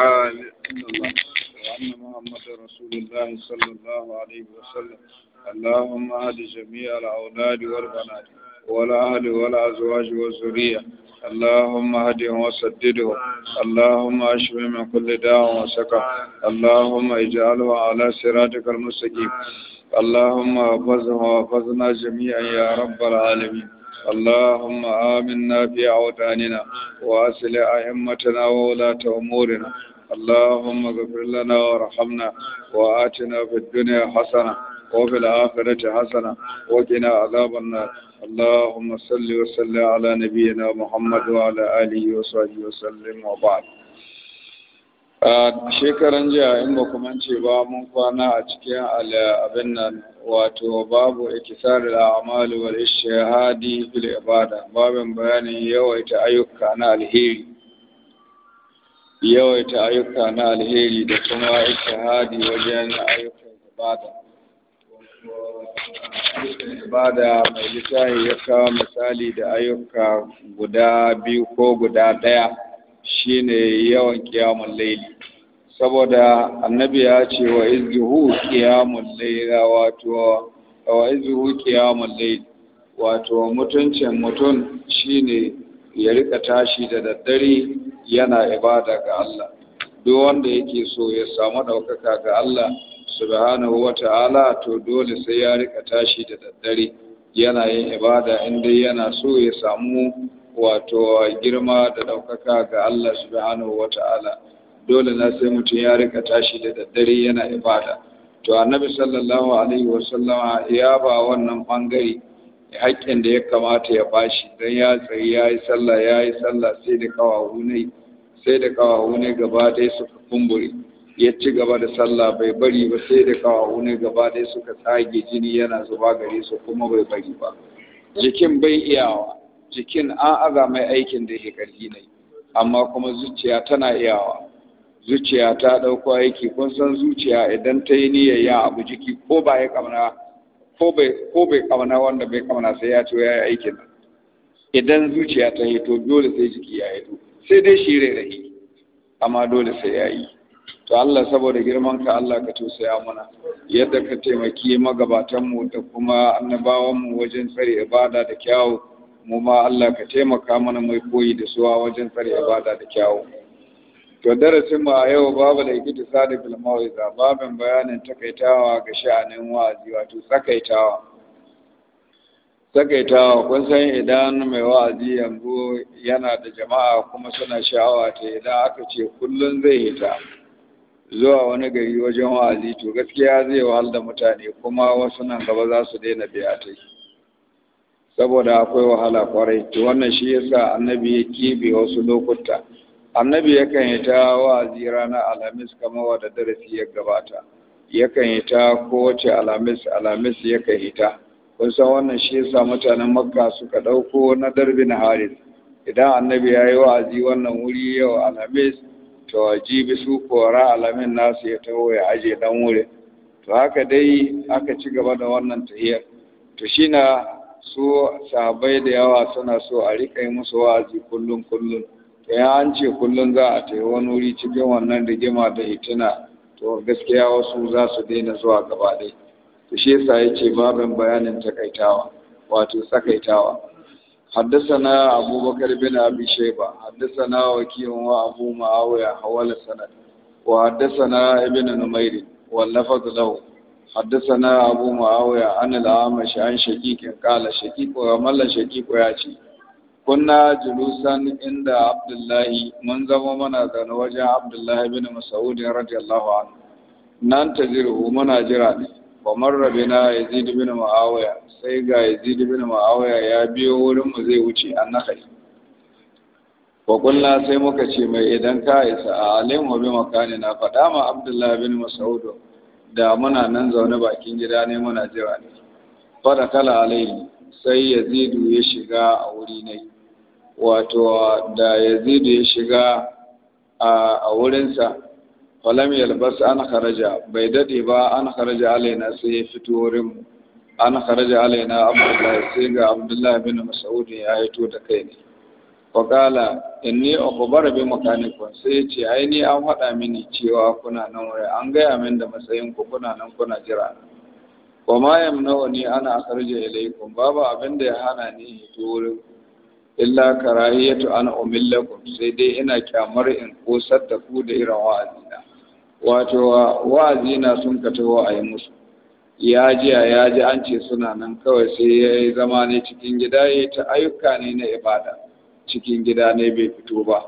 لا إله إلا الله وأن محمدا رسول الله صلى الله عليه وسلم اللهم أهد جميع الأولاد والبنات والأهل والأزواج والذرية اللهم اهدهم وسددهم اللهم اشف من كل داء وسقم اللهم اجعله على صراطك المستقيم اللهم احفظه واحفظنا جميعا يا رب العالمين اللهم آمنا في أوطاننا وأصلح أئمتنا وولاة أمورنا اللهم اغفر لنا وارحمنا وآتنا في الدنيا حسنة وفي الآخرة حسنة وقنا عذاب النار اللهم صل وسلم على نبينا محمد وعلى آله وصحبه وسلم وبعد shekaran jiya in ba kuma ce ba mun kwana a cikin abin nan wato babu ikisar al'amal wal ishihadi fil ibada babin bayanin yawaita ayyuka na alheri yawaita ayyuka na alheri da kuma hadi, wajen ayyukan ibada ibada mai littafi ya kawo misali da ayyuka guda biyu ko guda ɗaya shine yawan kiyamun laili, saboda annabi ya ce wa izhu kiyamun laila wato wa izhu kiyamun laili, wato mutuncin mutum shine ya rika tashi da daddare yana ibada ga Allah duk wanda yake so ya samu ɗaukaka ga Allah subhanahu wa ta'ala to dole sai ya rika tashi da daddare yana yin ibada inda yana so ya samu wato girma da ɗaukaka ga Allah subhanahu wa ta'ala dole na sai mutum ya rika tashi da daddare yana ibada to annabi sallallahu alaihi wa sallama ya ba wannan bangare haƙƙin da ya kamata ya bashi don ya tsayi ya yi sallah ya yi sallah sai da kawahu ne sai da kawahu ne gaba ɗaya suka kumburi. ya ci gaba da sallah bai bari ba sai da kawahu ne gaba ɗaya suka tsage jini yana zuba gare su kuma bai bari ba jikin bai iyawa jikin an aza mai aikin da yake ne amma kuma zuciya tana iyawa zuciya ta ɗauko aiki kun san zuciya idan ta yi niyyar ya abu jiki ko ba ya kamana ko bai kamana wanda bai kamana sai ya ce ya yi aikin nan idan zuciya ta hito dole sai jiki ya hito sai dai shi rai rai amma dole sai ya yi to Allah saboda girman ka Allah ka tausaya mana yadda ka taimaki magabatanmu da kuma annabawanmu wajen tsare ibada da kyawu mu ma Allah ka taimaka mana mai koyi da suwa wajen tsare ibada da kyawu to darasin mu a yau babu da ikiti sadi bil mawiza babin bayanin takaitawa ga sha'anin wa'azi wato tsakaitawa takaitawa kun san idan mai wa'azi yanzu yana da jama'a kuma suna sha'awa ta idan aka ce kullun zai hita zuwa wani gari wajen wa'azi to gaskiya zai wahal da mutane kuma wasu nan gaba za su daina biya ta yi saboda akwai wahala kwarai to wannan shi yasa annabi ya kebe wasu lokuta annabi yakan yi ta wa'azi ranar alhamis kamar da darasi ya gabata yakan yi ta kowace alhamis alhamis yakan yi ta kun san wannan shi yasa mutanen makka suka ɗauko na darbi na haris idan annabi ya yi wa'azi wannan wuri yau alhamis to jibi su kora alamin nasu ya taho ya ajiye dan wuri to haka dai aka ci gaba da wannan tahiyar to shi na su sahabbai da yawa suna so a rika yi musu wa'azi kullum kullum to ya an ce kullum za a tafi wani wuri cikin wannan rigima da hitina to gaskiya wasu za su daina zuwa gaba dai to shi yasa ce babin bayanin takaitawa wato tsakaitawa حدثنا أبو بكر بن wakilin wa abu وكيع hawala معاوية wa السند na ابن wallafa واللفظ له حدثنا ابو معاويه عن الأعمش عن شقيق قال شقيق ومل شقيق يا شي كنا جلوسا عند عبد الله من زمنا ذن وجه عبد الله بن مسعود رضي الله عنه ننتظر منا جراني ومر بنا يزيد بن معاويه معاوية سيغا يزيد بن معاوية يا بيو ولم زي وشي النخل وقلنا سيمك شيء ما إذا كايس أعلم وبمكاننا فدام عبد abdullahi bin mas'ud da muna nan zaune bakin gida ne muna jira ne fada kala alaihi sai yazidu ya shiga a wuri ne wato da yazidu ya shiga a wurinsa falam yalbas an kharaja bai dade ba an kharaja alaina sai ya fito wurin mu an kharaja alaina abdullahi sai ga abdullahi bin mas'ud ya hito da kai ne faƙala in ni akubar bi makanikun sai ya ce ai ni an faɗa mini cewa kuna nan wuri an gaya min da matsayin ku kuna nan kuna jira wa ma nawa ni ana akharja ilaykum babu abin da ya hana ni hito wurin illa karahiyatu an umillakum sai dai ina kyamar in kosar da ku da irin wa'azina wato wa'azina sun ka taho a yi musu ya ji ya ji an ce suna nan kawai sai ya yi zama ne cikin gida ya ta ayyuka ne na ibada cikin gida ne bai fito ba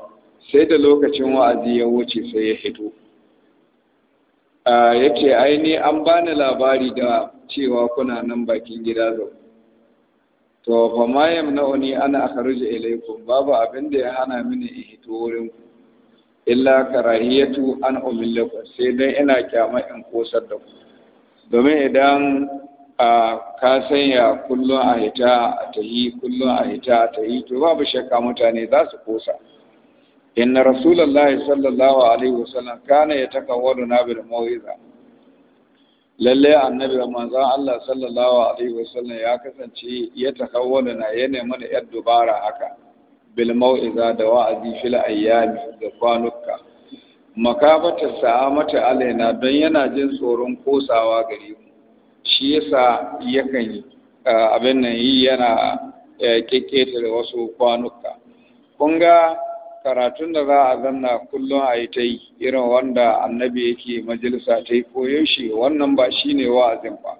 sai da lokacin wa'azi ya wuce sai ya fito ya ce aini an bani labari da cewa kuna nan bakin gida zau to fa ma na'uni ana akhruju ilaykum babu abin da ya hana mini in hito wurin ku illa karahiyatu an umillakum sai dai ina kyama in kosar da ku domin idan ka sanya kullum a hita ta yi kullum a hita ta yi to babu shakka mutane za su kosa inna rasulullahi sallallahu alaihi wasallam kana ya wadu na bil mawiza lalle annabi manzon Allah sallallahu alaihi wasallam ya kasance ya wadu na nemi mana yar dubara haka bil mawiza da wa'azi fil ayyami da kwanukka makabata mata alaina don yana jin tsoron kosawa gare mu shi yasa yakan eh, abin nan yi yana da eh, wasu kwanuka kun ga karatun da za a zanna kullum a yi ta yi irin wanda annabi yake majalisa ta yi koyon shi wannan ba shi ne wa'azin ba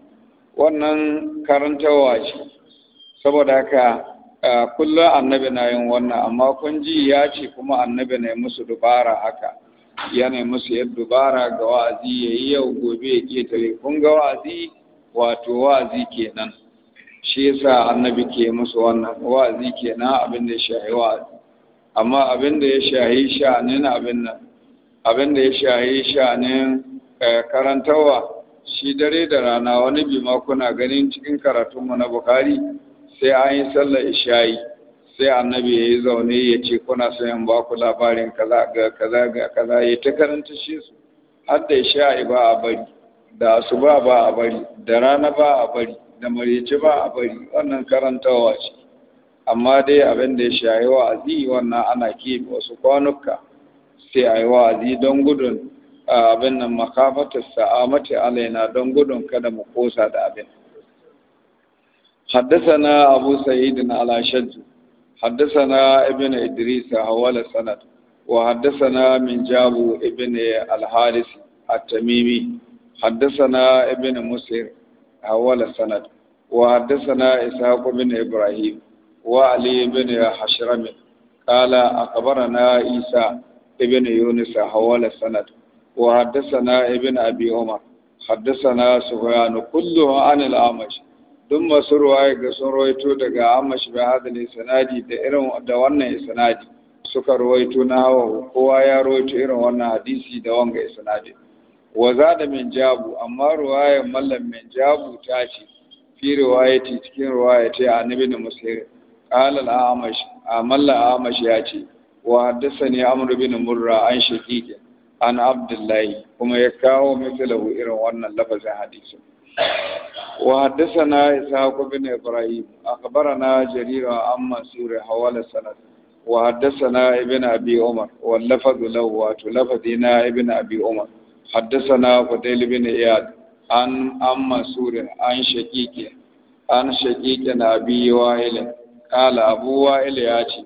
wannan karantarwa ce saboda haka eh, kullum annabi na yin wannan amma kun ji ya ce kuma annabi na musu dubara haka yana musu yadda dubara ga wa'azi ya yi yau gobe ya ƙetare kun ga wa'azi wato wa'azi kenan shi yasa annabi ke musu wannan wa'azi kenan abin da ya shahi wa'azi amma abin da ya shahi sha'anin abin nan abin da ya shahi sha'anin eh, karantawa shi dare da rana wani bi ma kuna ganin cikin karatunmu na bukari sai an yi sallar ishayi sai annabi ya yi zaune ya ce kuna son in ba ku labarin kaza ga kaza ga kaza ya ta karanta shi su har da ishayi ba a bari da asuba ba a bari da rana ba a bari da marece ba a bari wannan karantawa ce amma dai abin da ya shayi wa'azi wannan ana keɓe wasu kwanuka sai a yi wa'azi don gudun abin nan makafatar sa'amati alaina don gudun kada mu kosa da abin حدثنا أبو سعيد على شج حدثنا ابن إدريس حول سند وحدثنا من جابو ابن الحارث التميمي حدثنا ابن مسر أول السند وحدثنا إسحاق بن إبراهيم وعلي بن حشرم قال أخبرنا عيسى ابن يونس حول السند وحدثنا ابن أبي عمر حدثنا سفيان كله عن الأعمش ثم سروا سرويتو دغا أعمش بهذا الإسنادي دائرون دوانا إسنادي suka ruwaito na hawa kowa ya ruwaito irin wannan hadisi da wanga isnadin wa zada min jabu amma ruwaya mallam min jabu ta ce fi riwayati cikin riwayati a nabi da musir qala al amash amalla amash ya ce wa haddathani amr bin murra an shaqiqi an abdullahi kuma ya kawo mithlahu irin wannan lafazin hadisi wa haddathana ku bin ibrahim akhbarana jarir an mansur hawala sanad wa haddathana ibn abi umar wa lafazu lahu wa lafazina ibn abi umar حدثنا فضيل بن اياد عن عن منصور عن شقيق عن شقيق ابي وائل قال ابو وائل ياتي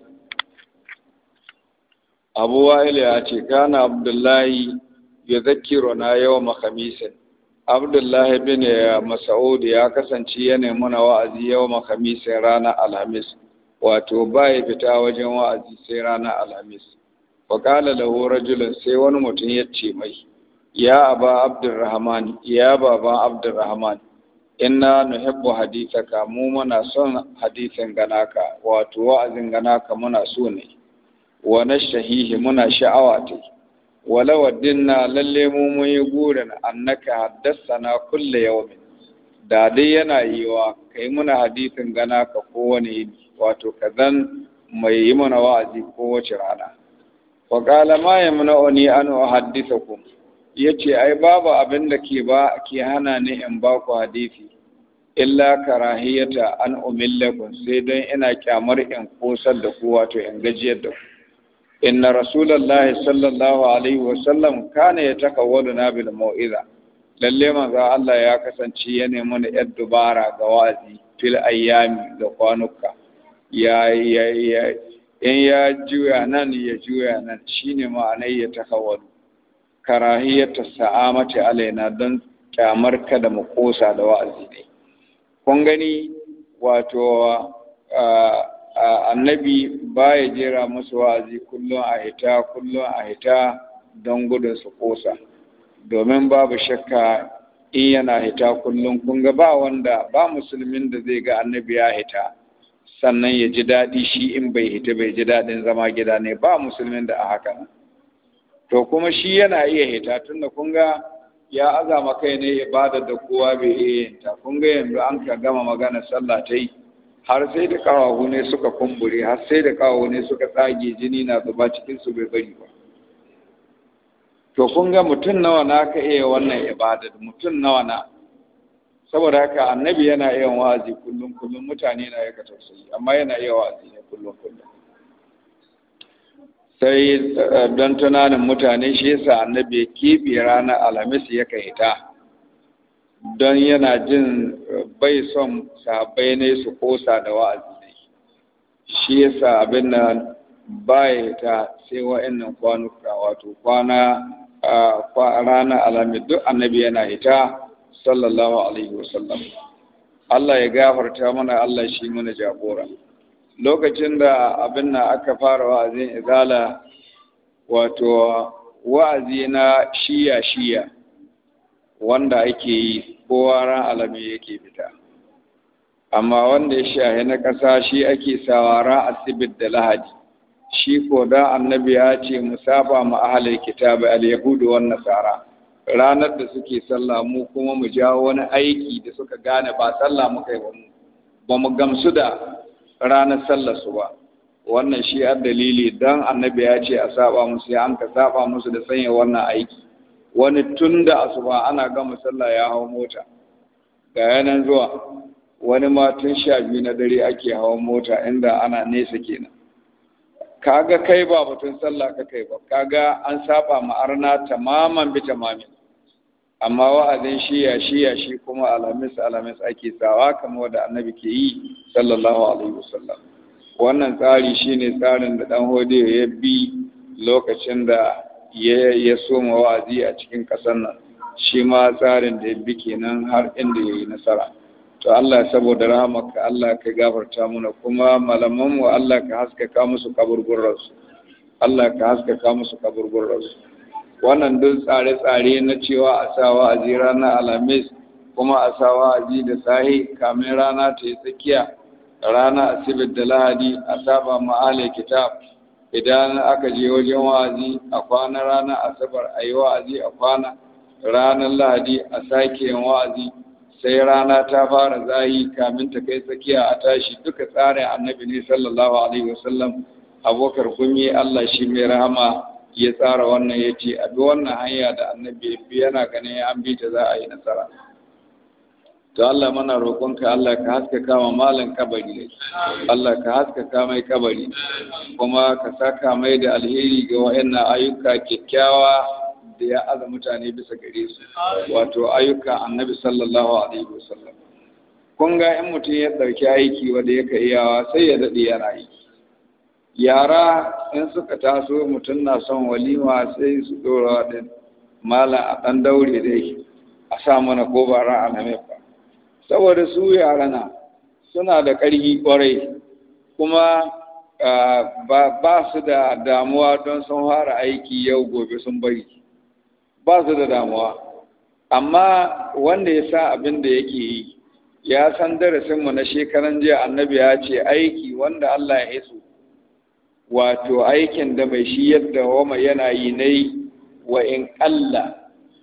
ابو وائل ياتي كان عبد الله يذكرنا يوم خميس عبد الله بن مسعود يا kasance yana muna wa'azi yawma khamis ranar alhamis wato baya fita wajen wa'azi sai ranar alhamis wa qala lahu rajulun sai wani mutum ya ce mai ya aba Rahman, ya baba Rahman. inna nuhibbu hadithaka mu muna son hadisin ganaka wato wa'azin ganaka muna so ne wa shahihi muna sha'awa ta wala waddinna lalle mu mun yi gurin annaka na kulle yawmin da dai yana yiwa kai muna hadisin ganaka kowane yini wato kazan mai yi mana wa'azi ko kowace rana wa qala ma yamna'uni an uhaddithakum ya ce ai babu abin da ke ba ke hana ni in ba ku hadisi illa karahiyata an umillakum sai don ina kyamar in kosar da ku wato in gajiyar da ku inna rasulullahi sallallahu alaihi wa sallam kana ya taka na bil mau'iza lalle manzo Allah ya kasance ya nemi ni yar dubara ga wa'azi fil ayami da kwanuka ya ya in ya juya nan ya juya nan shine ma'anar ya taka takawwalu karahiyata sa'amati alaina don kyamar ka da makosa da wa'azi ne kun gani wato annabi baya jera musu wa'azi kullum a hita kullum a hita don gudun su kosa domin babu shakka in yana hita kullum kun ga ba wanda ba musulmin da zai ga annabi ya hita sannan ya ji daɗi shi in bai hita bai ji daɗin zama gida ne ba musulmin da a haka to kuma shi yana iya hita tun da kun ga ya azama kai ne ibada da kowa bai iya yin ta kun ga yanzu an ka gama magana sallah ta yi har sai da kawahu ne suka kumbure har sai da kawahu ne suka tsage jini na zuba cikin su bai bari ba to kun ga mutum nawa na ka iya wannan ibada mutum nawa na saboda haka annabi yana iya wazi kullum kullum mutane na yaka tausayi amma yana iya wazi ne kullum kullum sai eh, don tunanin mutane shi yasa annabi ya keɓe ranar alhamis ya ta, don yana jin eh, bai son sabai ne su kosa da wa'azi ne shi yasa abin na baya ta sai wa'annan kwanuka wato kwana eh, a ranar alhamis duk annabi yana ita, sallallahu alaihi wasallam Allah ya gafarta mana Allah shi mana jagora. lokacin da abin na aka fara wa'azin izala wato wa'azi na shiya-shiya wanda ake yi kowa ran alami yake fita amma wanda ya shahi na ƙasa shi ake sawara asibit da lahadi shi ko da annabi ya ce musafa mu ahalai kitab al-yahudu wan nasara ranar da suke sallah mu kuma mu jawo wani aiki da suka gane ba sallah mu kai ba mu gamsu da ranar sallar su ba wannan shi a dalili don annabi ya ce a saba musu ya an saba musu da sanya wannan aiki wani tun da asuba ana gama sallah ya hau mota ga yanan zuwa wani ma tun sha biyu na dare ake hawan mota inda ana nesa kenan kaga kai ba batun sallah ka kai ba kaga an saba ma arna tamaman bi tamamin amma wa'azin shiya shiya shi kuma alamis alamis ake sawa kamar wanda annabi ke yi sallallahu alaihi wasallam wannan tsari shine tsarin da dan hode ya bi lokacin da ya ya soma wa'azi a cikin kasar nan shi ma tsarin da ya bi kenan har inda yayi nasara to Allah saboda rahamarka Allah ka gafarta muna kuma malaman mu Allah ka haskaka musu kaburburarsu Allah ka haskaka musu kaburburarsu wannan duk tsare-tsare na cewa a sa wa'azi ranar alhamis kuma a sa wa'azi da sahi kamin rana ta yi tsakiya rana asibit da lahadi a saba ma'ale kitab idan aka je wajen wa'azi a kwana rana asabar a yi wa'azi a kwana ranar lahadi a sake yin wa'azi sai rana ta fara zahi kamin ta kai tsakiya a tashi duka tsarin annabi ne sallallahu alaihi wasallam abokar kumi allah shi mai rahama ya tsara wannan ya ce a wannan hanya da annabi bi yana ganin an bi ta za a yi nasara to Allah mana roƙonka Allah ka haska kama malam kabari Allah ka kama mai kabari kuma ka saka mai da alheri ga wayannan ayyuka kyakkyawa da ya aza mutane bisa gare su wato ayyuka annabi sallallahu alaihi wasallam kun ga in mutum ya ɗauki aiki wanda yaka iyawa sai ya daɗe yana aiki yara in suka taso mutum na son walima sai su dora waɗin malam a ɗan daure dai a sa mana ko ba ran na mefa saboda su yara na suna da ƙarfi ƙwarai kuma ba su da damuwa don sun fara aiki yau gobe sun bari ba su da damuwa amma wanda ya sa abin da yake yi ya san darasinmu na shekaran jiya annabi ya ce aiki wanda Allah ya hisu wato aikin da mai shi yadda wama yana yi ne wa in Allah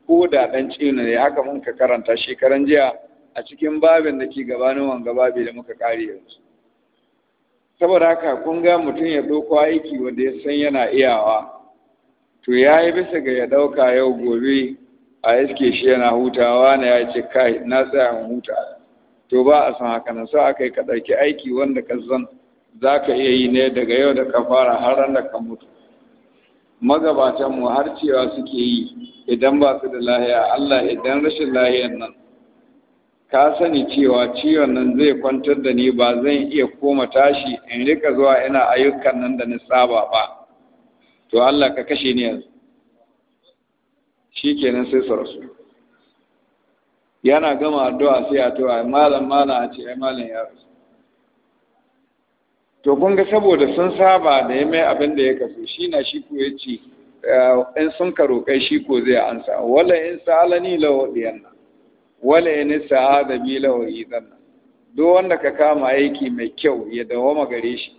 ko da ɗan cina ne haka mun ka karanta shekaran jiya a cikin babin da ke gabanin wanga babi da muka kare yanzu saboda haka kun ga mutum ya ɗauko aiki wanda ya san yana iyawa to ya yi bisa ga ya ɗauka yau gobe a iske shi yana hutawa na ya ce kai na tsaya in huta to ba a san haka nan sai aka yi ka ɗauki aiki wanda ka zan za ka iya yi ne daga yau da ka fara har da ka mutu magabatanmu har cewa suke yi idan ba su da lahiya Allah idan rashin lahiyar nan ka sani cewa ciwon nan zai kwantar da ni ba zan iya koma tashi in rika zuwa ina ayyukan nan da ni saba ba to Allah ka kashe ni yanzu shikenan sai su rasu yana gama addu'a sai a to ai malam malam a ce ai malam ya rasu to kun ga saboda sun saba da ya mai abin da ya kafe shi na shi ko ya ce eh, in sun ka roƙai shi ko zai ansa wala in sa'alani lahu diyanna wala in sa'ada bi lahu idanna duk wanda ka kama aiki mai kyau ya dawama gare shi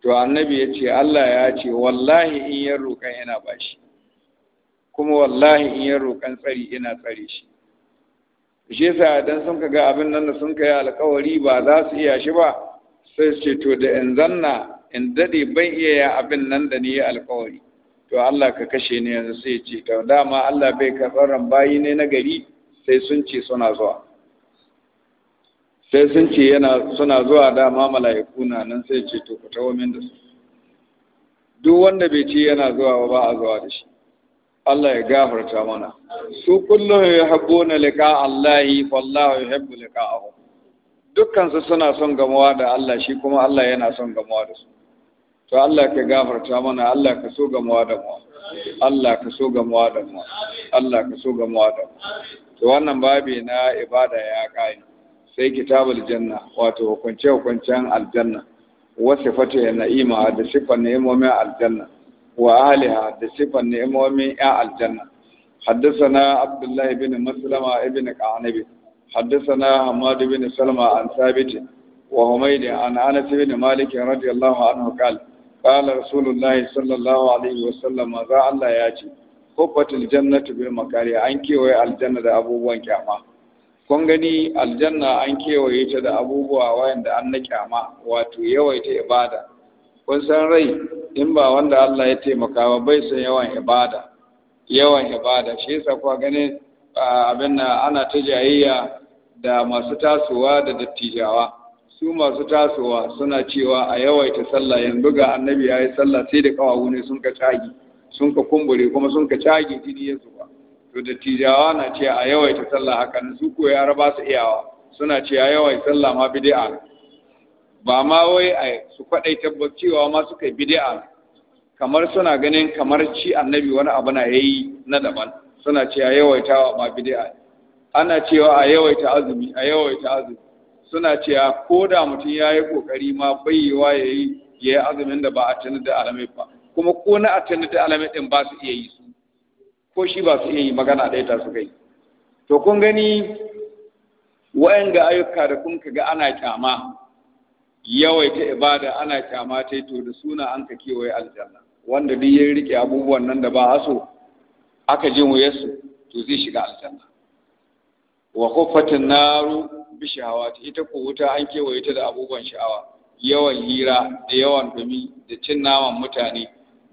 to annabi ya ce Allah ya ce wallahi in ya roƙan ina bashi kuma wallahi in ya roƙan tsari ina tsare shi shi yasa dan sun ka ga abin nan da sun kai alƙawari ba za su iya shi ba sai ce to da in zanna in daɗe ban iya ya abin nan da ni ya alkawari to Allah ka kashe ni yanzu sai ce to dama Allah bai karɓar ran bayi ne na gari sai sun ce suna zuwa sai sun ce yana suna zuwa dama mala'iku na nan sai ce to ku tawo min da su duk wanda bai ce yana zuwa ba a zuwa da shi Allah ya gafarta mana su kullum ya habbo na liƙa Allah wallahu ya habbo liƙa'ahu dukkansu suna son gamawa da Allah shi kuma Allah yana son gamawa da su to Allah ka gafarta mana Allah ka so gamawa da mu Allah ka so gamawa da mu Allah ka so gamawa da mu to wannan babi na ibada ya kai sai kitabul janna wato hukunce hukuncen aljanna wa sifatu ya na'ima da sifan ni'imomin aljanna wa ahliha da sifan ni'imomin ya aljanna حدثنا عبد الله بن مسلمة ابن قعنبي حدثنا حماد بن سلمة عن ثابت وهميد عن أنس بن مالك رضي الله عنه قال قال رسول الله صلى الله عليه وسلم ذا الله ياتي kofat aljannatu bil makari an kewaye aljanna da abubuwan kyama kun gani aljanna an kewaye ta da abubuwa wayanda an na kyama wato yawaita ibada kun san rai in ba wanda Allah ya taimaka ba bai san yawan ibada yawan ibada ganin abin nan ana ta jayayya da masu tasowa da dattijawa su masu tasowa suna cewa a yawaita sallah yanzu ga annabi ya yi sallah sai da kawawu ne sun ka cagi sun ka kumbure kuma sun ka cagi jini ya zuwa to dattijawa na ce a yawaita sallah hakan su ko ya ba su iyawa suna ce a yawaita sallah ma bid'a ba ma wai a su kwadai tabbacewa ma suka yi bid'a kamar suna ganin kamar ci annabi wani abu na yayi na daban suna ce a yawaitawa ma bid'a ana cewa a yawaita azumi a yawaita azumi suna cewa ko da mutum ya yi kokari ma bayyewa ya yi ya yi azumin da ba a tanar da alamai ba kuma ko na a tanar da alamai din ba su iya yi su ko shi ba su iya yi magana ɗaya ta su kai to kun gani ga ayyuka da kun ga ana kyama yawaita ibada ana kyama ta to da suna an ka kewaye aljanna wanda duk ya rike abubuwan nan da ba a so aka je yasu to zai shiga aljanna wa kuffatin naru bi shahawati ita ko wuta an kewaye ta da abubuwan sha'awa yawan hira da yawan dumi da cin naman mutane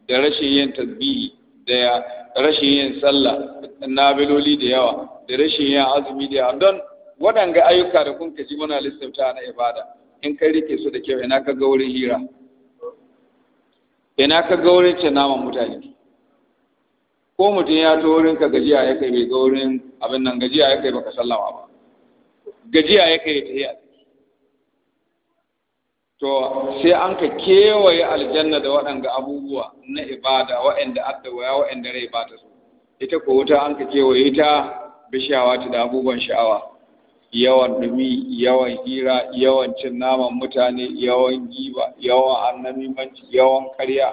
da rashin yin tasbihi da rashin yin sallah nabiloli da yawa da rashin yin azumi da don waɗanga ayyuka da kun kaji muna lissafta na ibada in kai rike su da kyau ina ka ga wurin hira ina ka ga wurin cin naman mutane ko mutum ya to wurin ka gajiya ya kai bai ga wurin abin nan gajiya ya kai baka sallama ba gajiya ya kai ta yi to sai an ka kewaye aljanna da waɗanga abubuwa na ibada waɗanda addawaya waɗanda rai ba ta so ita ko wuta an ka kewaye ta bishawa ta da abubuwan sha'awa yawan dumi yawan hira yawan cin naman mutane yawan giba yawan annamimanci yawan karya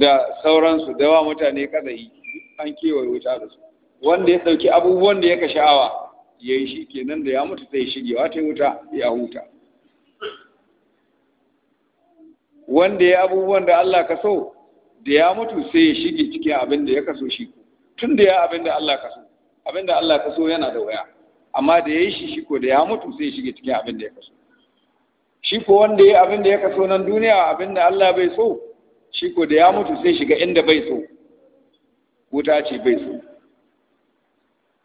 da sauransu da wa mutane yi an kewaye wuta da su wanda ya ɗauki abubuwan da yaka sha'awa ya yi shi kenan da ya mutu sai shigewa ta wuta ya huta wanda ya abubuwan da Allah ka so da ya mutu sai ya shige cikin abin da ya kaso shi tun da ya abin da Allah ka so abin da Allah ka so yana da waya amma da ya yi shi shi ko da ya mutu sai ya shige cikin abin da ya kaso shi ko wanda ya abin da ya kaso nan duniya abin da Allah bai so shi ko da ya mutu sai shiga inda bai so wuta ce bai zo.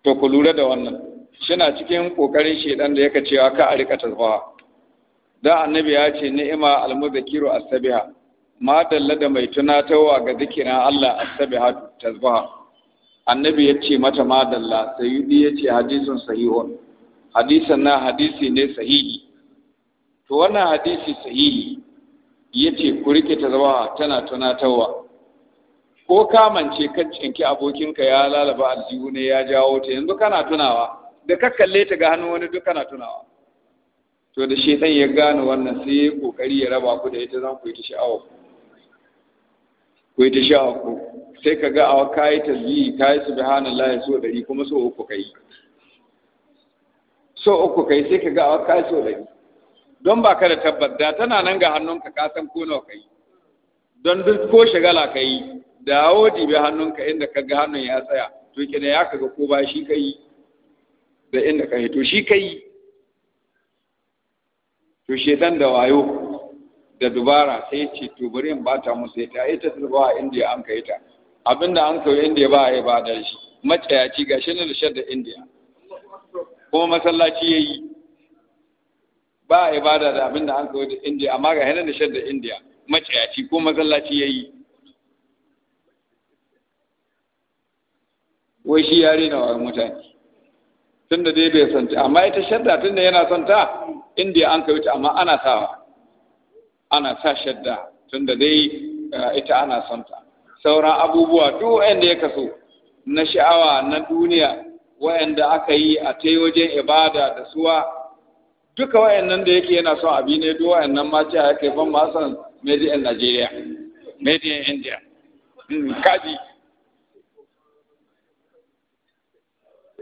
to ku lura da wannan shina cikin kokarin shedan da yake cewa ka a rika tasbaha da annabi ya ce ni'ima almuzakiru as ma dalla da mai tunatarwa ga zikirin Allah as-sabiha annabi ya ce mata ma dalla sayyidi ya ce hadisin sahihun hadisan na hadisi ne sahihi to wannan hadisi sahihi ya ce ku rike tasbaha tana tunatarwa ko kamance ka cinki abokinka ya lalaba aljihu ne ya jawo ta yanzu kana tunawa da ka kalle ta ga hannu wani duk kana tunawa to da shaitan ya gane wannan sai ya kokari ya raba ku da ita zan ku yi ta sha'awa ku yi ta sha'awa ku sai ka ga awa ka yi subhanallah ya so dari kuma so uku yi so uku yi sai ka ga awa yi so dari don ba ka da tabbata tana nan ga hannunka ka san ko nawa ka yi. don duk ko shagala ka yi dawo dibe hannunka inda ka ga hannun ya tsaya to kina ya kaga ko ba shi kai da inda ka yi, to shi kai to shedan da wayo da dubara sai ce to bari in bata musu ita ita turba a indiya an kai ta abinda an kai indiya ba ai ba da shi matsayaci gashi na lishar da indiya kuma masallaci yayi ba ibada da abinda an kai da indiya amma ga hannun shar da indiya matsayaci ko masallaci yayi wai shi yare na wa mutane tun da dai bai santa amma ita shadda tun da yana santa inda an kai ta amma ana sawa ana sa shadda tun da dai uh, ita ana santa sauran abubuwa duk wanda ya kaso na sha'awa na duniya wa'anda aka yi a ta wajen ibada da suwa duka wa'annan da yake yana son abi ne duk wa'annan ma ce ake ban ma san made in Nigeria made in India hmm, kaji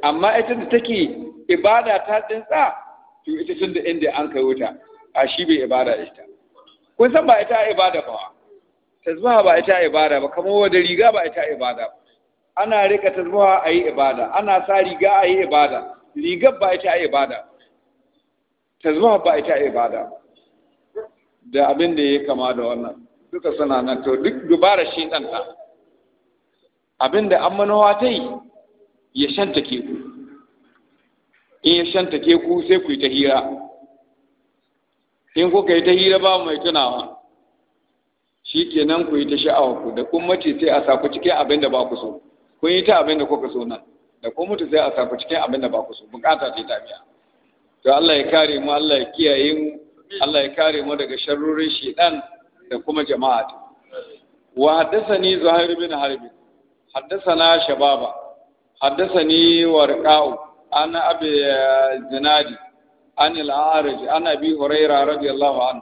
amma ita da take ibada ta tsinsa to ita tun da inda an kai wuta a shi bai ibada ita kun san ba ita ibada ba tasbaha ba ita ibada ba kamar wadda riga ba ita ibada ba ana rika tasbaha a yi ibada ana sa riga a yi ibada riga ba ita ibada tasbaha ba ita ibada da abin da ya kama da wannan duka suna nan to duk dubara shi ɗanta abin da an manowa ta yi ya shanta ke ku in ya shanta ke ku sai ku yi ta hira in kuka yi ta hira ba mai tunawa shi kenan ku yi ta sha'awa ku da kuma mace sai a saku cikin abin da ba ku so kun yi ta abin da kuka so nan da kuma mutu sai a saku cikin abin da ba ku so bukata ta ta tafiya to Allah ya kare mu Allah ya kiyaye mu Allah ya kare mu daga sharrorin shedan da kuma jama'a wa ni zuhair bin harbi na, shababa حدثني ورقاء عن أبي زناد عن الأعرج عن أبي هريرة رضي الله عنه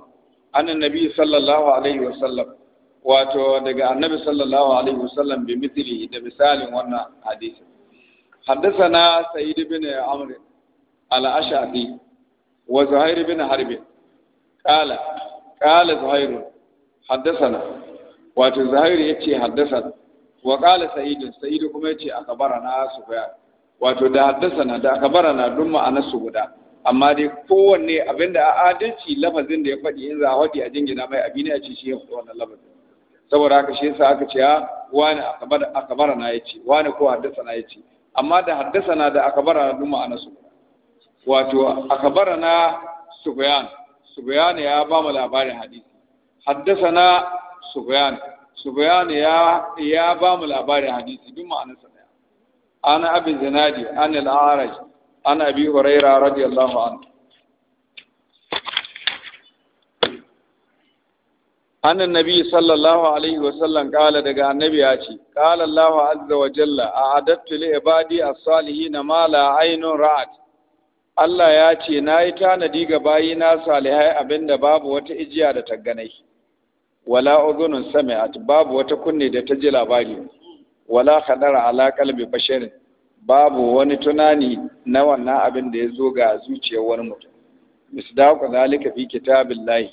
عن النبي صلى الله عليه وسلم wato daga annabi sallallahu alaihi wasallam bi mithlihi da misalin wannan hadisi haddathana sa'id ibn amr al-ashadi wa zuhair ibn harb qala qala zuhair haddathana wato zuhair yace haddathana wa kala sa'id sa'id kuma yace na sufyan wato da na, da akabarana duk ma'anar su guda amma dai kowanne abinda a adalci lafazin da ya faɗi in za a faɗi a jingina mai abin ya ce shi ya faɗi wannan lafazin saboda haka shi yasa aka ce ah, ya wani akabara ya yace wani ko haddasa ya yace amma da na da na duk ma'anar su wato na sufyan sufyan ya ba mu labarin hadisi Haddasa na sufyan su bayani ya ya ba mu labarin hadisi duk ma'anar sa ne ana abi zinadi an al-araj an abi huraira radiyallahu anhu an annabi sallallahu alaihi wa sallam kala daga annabi ya ce kala allah azza wa jalla a adattu li ibadi as-salihin ma la aynun ra'at Allah ya ce, Na yi tanadi ga bayi na salihai abinda babu wata ijiya da ta wala udhunun sami'at babu wata kunne da ta ji labari wala khadara ala kalbi basharin babu wani tunani na wannan abin da ya zo ga zuciyar wani mutum misdaqu zalika fi kitabillahi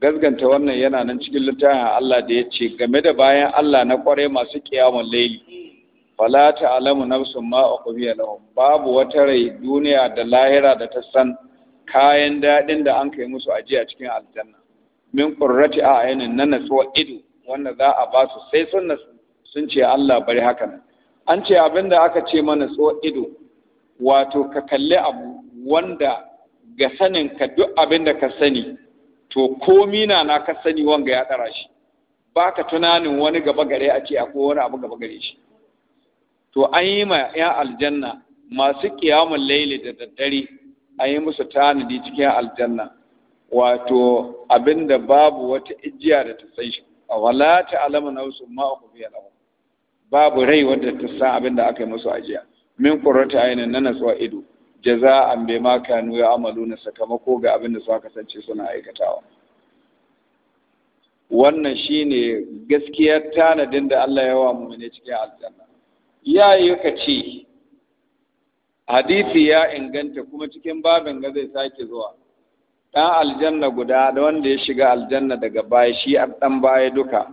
gazganta wannan yana nan cikin littafin Allah da ya ce game da bayan Allah na kwarai masu kiyamun layli fala ta'lamu nafsun ma uqbiya lahum babu wata rai duniya da lahira da ta san kayan dadin da an kai musu ajiya cikin aljanna min a a'yunin na natsuwa ido wanda za a ba su sai sun natsu sun ce Allah bari haka nan an ce abinda aka ce mana tso ido wato ka kalli abu wanda ga sanin ka duk abinda ka sani to komi na na ka sani wanga ya tsara shi baka tunanin wani gaba gare a ce akwai wani abu gaba gare shi to an yi ma ya aljanna masu kiyamun laili da daddare an yi musu tanadi cikin aljanna wato abinda babu wata ijiya da ta san shi wala ta alama nausu ma ku biya lahu babu rai wanda ta san abinda aka yi musu ajiya min kurata ainihin na nasuwa ido an bai ma kanu ya na sakamako ga abinda suka kasance suna aikatawa wannan shi ne gaskiyar tanadin da Allah ya wa mummune cikin aljanna yi ka ce hadisi ya inganta kuma cikin babin ga zai sake zuwa ɗan aljanna guda da wanda ya shiga aljanna daga baya shi a ɗan baya duka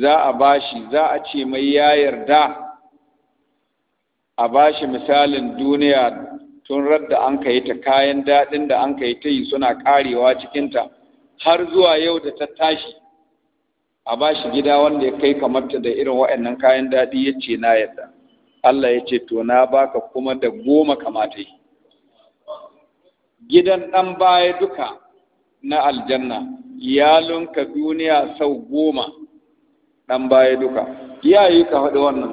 za a bashi za a ce mai ya yarda a bashi misalin duniya tun radda an ka yi ta kayan daɗin da an ka yi ta yi suna ƙarewa cikinta har zuwa yau da ta tashi a bashi gida wanda ya kai kamarta da irin wa'annan kayan daɗi ya ce na yarda Allah ya ce to na baka kuma da goma kamata yi gidan ɗan baya duka na aljanna iyalunka duniya sau goma ɗan baya duka yi ka faɗi wannan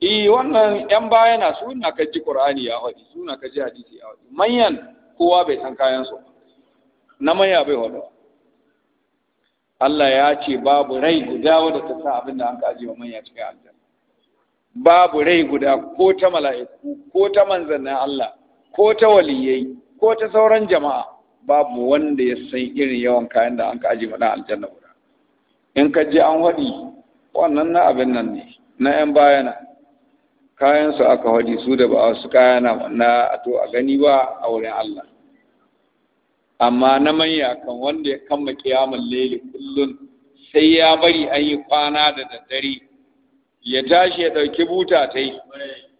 i eh, wannan ƴan baya na su na ka ji ƙur'ani ya faɗi su na ka ji hadisi ya faɗi manyan kowa bai san kayan su na manya bai faɗi Allah ya ce babu rai guda wadda ta sa abin da an kaji wa manya cikin aljanna babu rai guda ko ta mala'iku ko ta manzannin Allah ko ta waliyai ko ta sauran jama'a babu wanda ya san irin yawan kayan da an ka aji maɗan aljanna guda in ka ji an waɗi wannan na abin nan ne na 'yan bayana kayan su aka waɗi su da ba su kaya na a to a gani ba a wurin Allah amma na manya kan wanda ya kama kiyamun laili kullum sai ya bari an yi kwana da daddare ya tashi ya ɗauki buta ta yi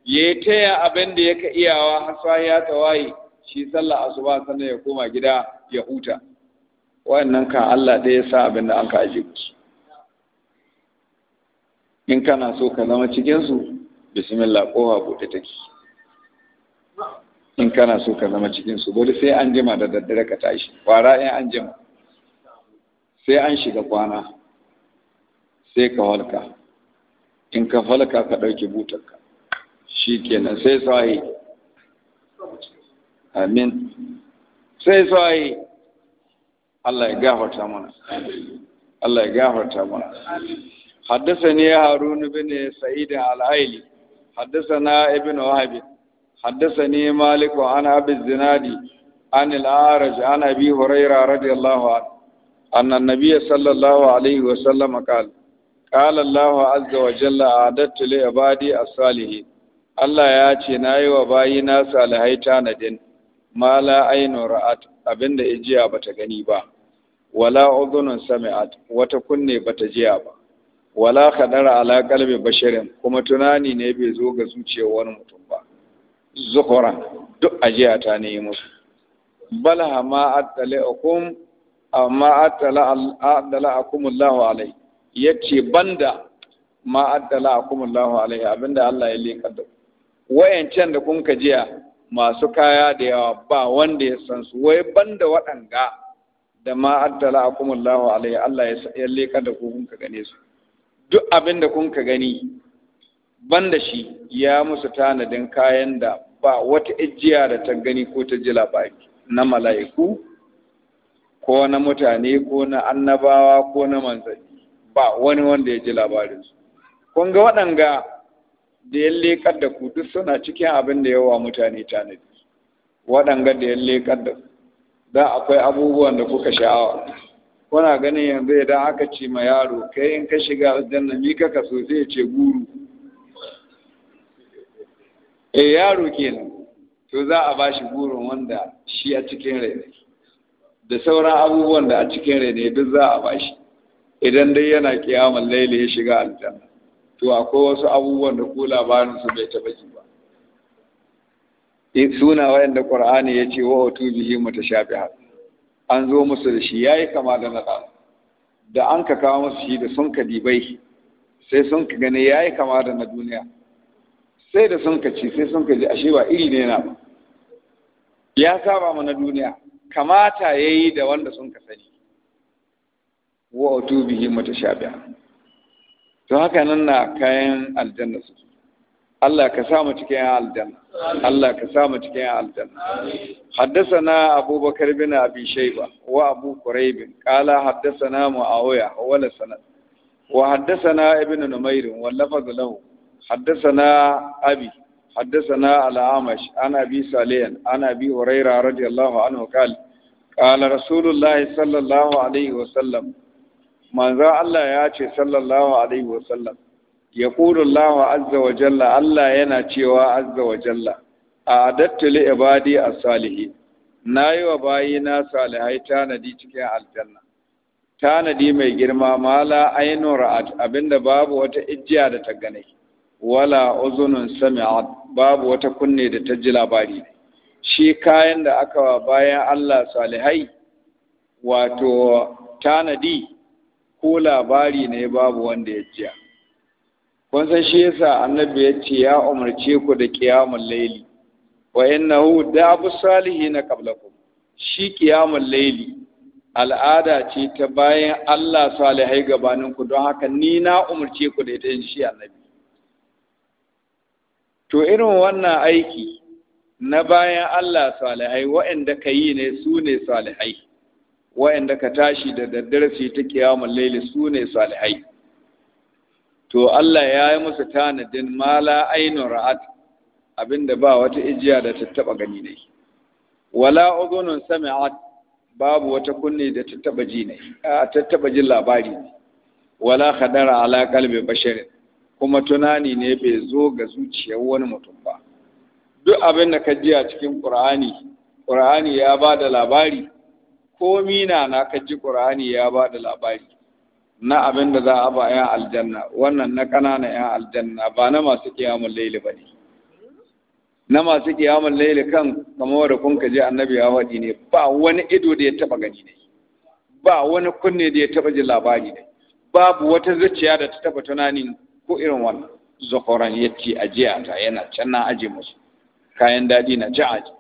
ya taya abin da yaka iyawa har ya tawaye shi sallah asuba sannan ya koma gida ya huta wayannan kan Allah ɗaya ya sa abin da an ka aje musu in kana so ka zama cikin su bismillah kowa bude take in kana so ka zama cikin su bari sai an jima da daddare ka tashi kwara in an jima sai an shiga kwana sai ka halka in ka halka ka ɗauki butarka shi kenan sai sahi amin sai su ayi allah ya gafarta mana allah ya gafarta mana haddasa ne ya bin sa'id al-aili haddasa na ibn wahabi haddasa ne malik wa ana abi zinadi an al-araj ana bi hurayra radiyallahu anhu anna nabiyya sallallahu alaihi wa sallam qala قال الله عز وجل أعددت لعبادي الصالحين الله يأتي نايو وبايي ناس على هيتان دين ma la ainu ra'at abinda ijiya bata gani ba wala udhunun sami'at wata kunne bata jiya ba wala kaɗara ala qalbi basharin kuma tunani ne bai zo ga zuciyar wani mutum ba zuhura duk ajiya ta ne musu bal hama atalaikum amma atala adalaakum Allah alai yace banda ma adalaakum Allah alai abinda Allah ya leka da wayancan da kun ka jiya masu kaya da yawa ba wanda ya san su wai banda waɗanga da ma addala akumullahu alaihi Allah ya leka da ku kun ka gane su duk abin da kun ka gani banda shi ya musu tanadin kayan da ba wata ijiya da ta gani ko ta ji labari na mala'iku ko na mutane ko na annabawa ko na manzanni ba wani wanda ya ji labarinsu kun ga waɗanga da ya leƙar da ku duk suna cikin abin da yawa mutane tanadi waɗanga da ya leƙar da ku da akwai abubuwan da kuka sha'awa kuna ganin yanzu idan aka ce ma yaro kai in ka shiga aljanna mi ka kaso sai ya ce guru eh yaro kenan to za a bashi burin wanda shi a cikin rai ne da sauran abubuwan da a cikin rai ne duk za a bashi idan dai yana kiyamun laili ya shiga aljanna to akwai wasu abubuwan da ko labarin su bai taba ji ba eh, suna da qur'ani ya ce wa utu bihi mutashabiha an zo musu da shi yayi kama da nada da an ka kawo musu shi da sun ka dibai sai sun ka gani yayi kama da na duniya sai da sun ka ci sai sun ka ji ashe ba iri ne na ba ya saba na duniya kamata yayi da wanda sun ka sani wa utu bihi mutashabiha to haka nan na kayan aljanna su Allah ka sa mu cikin aljanna Allah ka sa mu cikin yan aljanna haddathana abubakar bin abi shayba wa abu quraib qala haddathana muawiya wa la sanad wa haddathana ibn numair wa lafaz lahu haddathana abi haddathana al-amash an abi salih ana abi hurairah radiyallahu anhu qala qala rasulullahi sallallahu alaihi wa sallam manzon Allah ya ce sallallahu alaihi wasallam ya kuru Allah azza wa jalla Allah yana cewa azza wa jalla a adattu li ibadi as salihi. nayi wa bayina salihai tanadi cikin aljanna tanadi mai girma mala ainun ra'at abinda babu wata ijiya da ta gane wala uzunun sami'at babu wata kunne da ta ji labari shi kayan da aka wa bayan Allah salihai wato tanadi ko labari ne babu wanda ya jiya kun san shi yasa annabi ya ce ya umarce ku da qiyamul layli wa innahu dabu salihin qablakum shi qiyamul layli al'ada ce ta bayan Allah salihai gabanin ku don haka ni na umarce ku da ita shi annabi to irin wannan aiki na bayan Allah salihai waɗanda kai ne su ne salihai wa'anda ka tashi da daddare su ta kiyamul laili su ne salihai to Allah ya yi musu tanadin mala ainun ra'at abinda ba wata ijiya da ta taba gani ne wala ugunun sami'at babu wata kunne da ta taba ji ne ta taba jin labari ne wala khadara ala qalbi basharin kuma tunani ne bai zo ga zuciyar wani mutum ba duk abin da ka ji a cikin qur'ani qur'ani ya ba da labari komi na na kaji ƙur'ani ya ba da labari na abin da za a ba 'yan aljanna wannan na ƙanana 'yan aljanna ba na masu ƙiyamun laili ba ne na masu ƙiyamun laili kan kamar da kun kaji annabi ya waɗi ne ba wani ido da ya taɓa gani ne ba wani kunne da ya taɓa ji labari ne babu wata zuciya da ta taɓa tunanin ko irin wannan zuhuran ya ce ajiya ta yana can na aje musu kayan daɗi na ci aji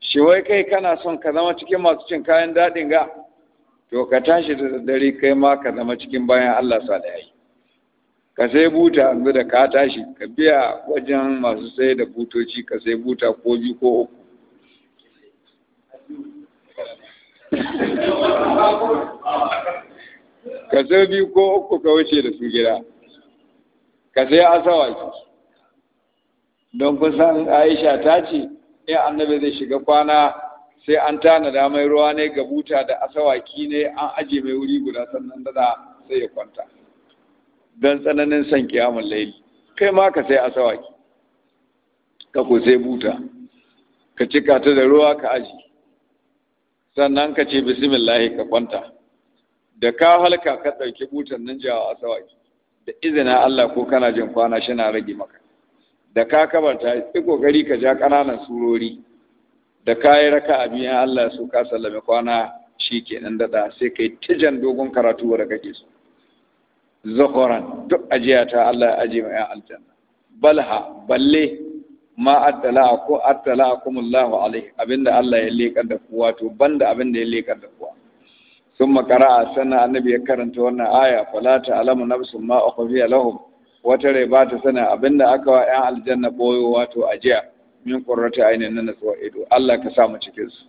shi wai kai kana son ka zama cikin masu cin kayan daɗin ga to ka tashi da daddare kai ma ka zama cikin bayan Allah yayi ka sai buta yanzu da ka tashi ka biya wajen masu sai da butoci ka sai buta ko bi ko uku ka sai biyu ko uku ka wuce da su gida ka sai asawa don kusan aisha ta ce in eh, annabi zai shiga kwana sai an da mai ruwa ne ga buta da asawaki ne an aje mai wuri guda sannan da sai ya kwanta don tsananin son kiyamun laili kai ma ka sai asawaki ka ko sai buta ka cika ta da ruwa ka aji sannan ka ce bismillahi ka kwanta da ka halka ka ɗauki butan nan jawa asawaki da izina Allah ko kana jin kwana shi na rage maka da ka kabanta yi kokari ka ja kananan surori da ka yi raka a biyan Allah su ka sallame kwana shi kenan daɗa sai ka yi tijan dogon karatu wadda kake so zakoran duk ajiya ta Allah ya aje mai aljanna balha balle ma addala ko addala kumullahu alaihi abinda Allah ya lekar da kuwa to banda abinda ya lekar da kuwa sun makara a sannan annabi ya karanta wannan aya Falata, alamu nafsun ma akhfiya lahum wata rai ba ta sana abinda aka wa 'yan aljanna boyo wato ajiya min qurrata ainin na natsuwa ido Allah ka sa mu cikin su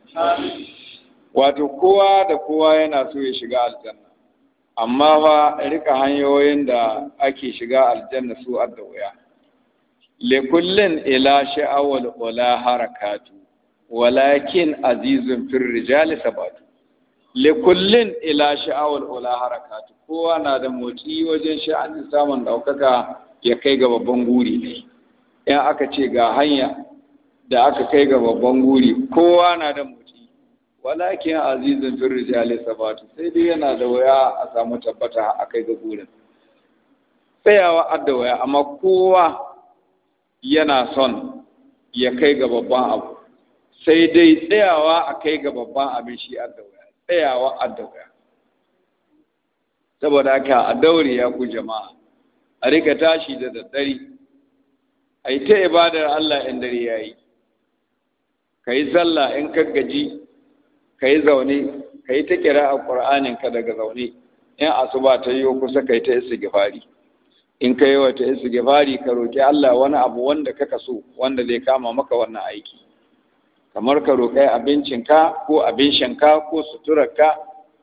wato kowa da kowa yana so ya shiga aljanna amma fa rika hanyoyin da ake shiga aljanna su adda wuya likullin ila sha'awal Ola harakatu walakin azizun fir rijali sabatu likullin ila sha'awal Ola harakatu kowa na da motsi wajen sha'anin samun ɗaukaka ya kai ga babban guri ne in aka ce ga hanya da aka kai ga babban guri kowa na da motsi walakin azizin fir rijali sabatu sai dai yana da waya a samu tabbata a kai ga gurin tsayawa adda waya amma kowa yana son ya kai ga babban abu sai dai tsayawa a kai ga babban abin shi adda waya tsayawa adda waya saboda ka a daure ya ku jama'a a rika tashi da daddare a yi ta ibadar Allah in dare ya yi ka yi sallah in ka ka yi zaune ka yi ta kira a ƙur'anin ka daga zaune in asuba ta yi kusa ka yi ta gifari in ka yi wata gifari ka roƙi Allah wani abu wanda kaka so wanda zai kama maka wannan aiki kamar ka roƙi abincinka ko abin shanka ko suturarka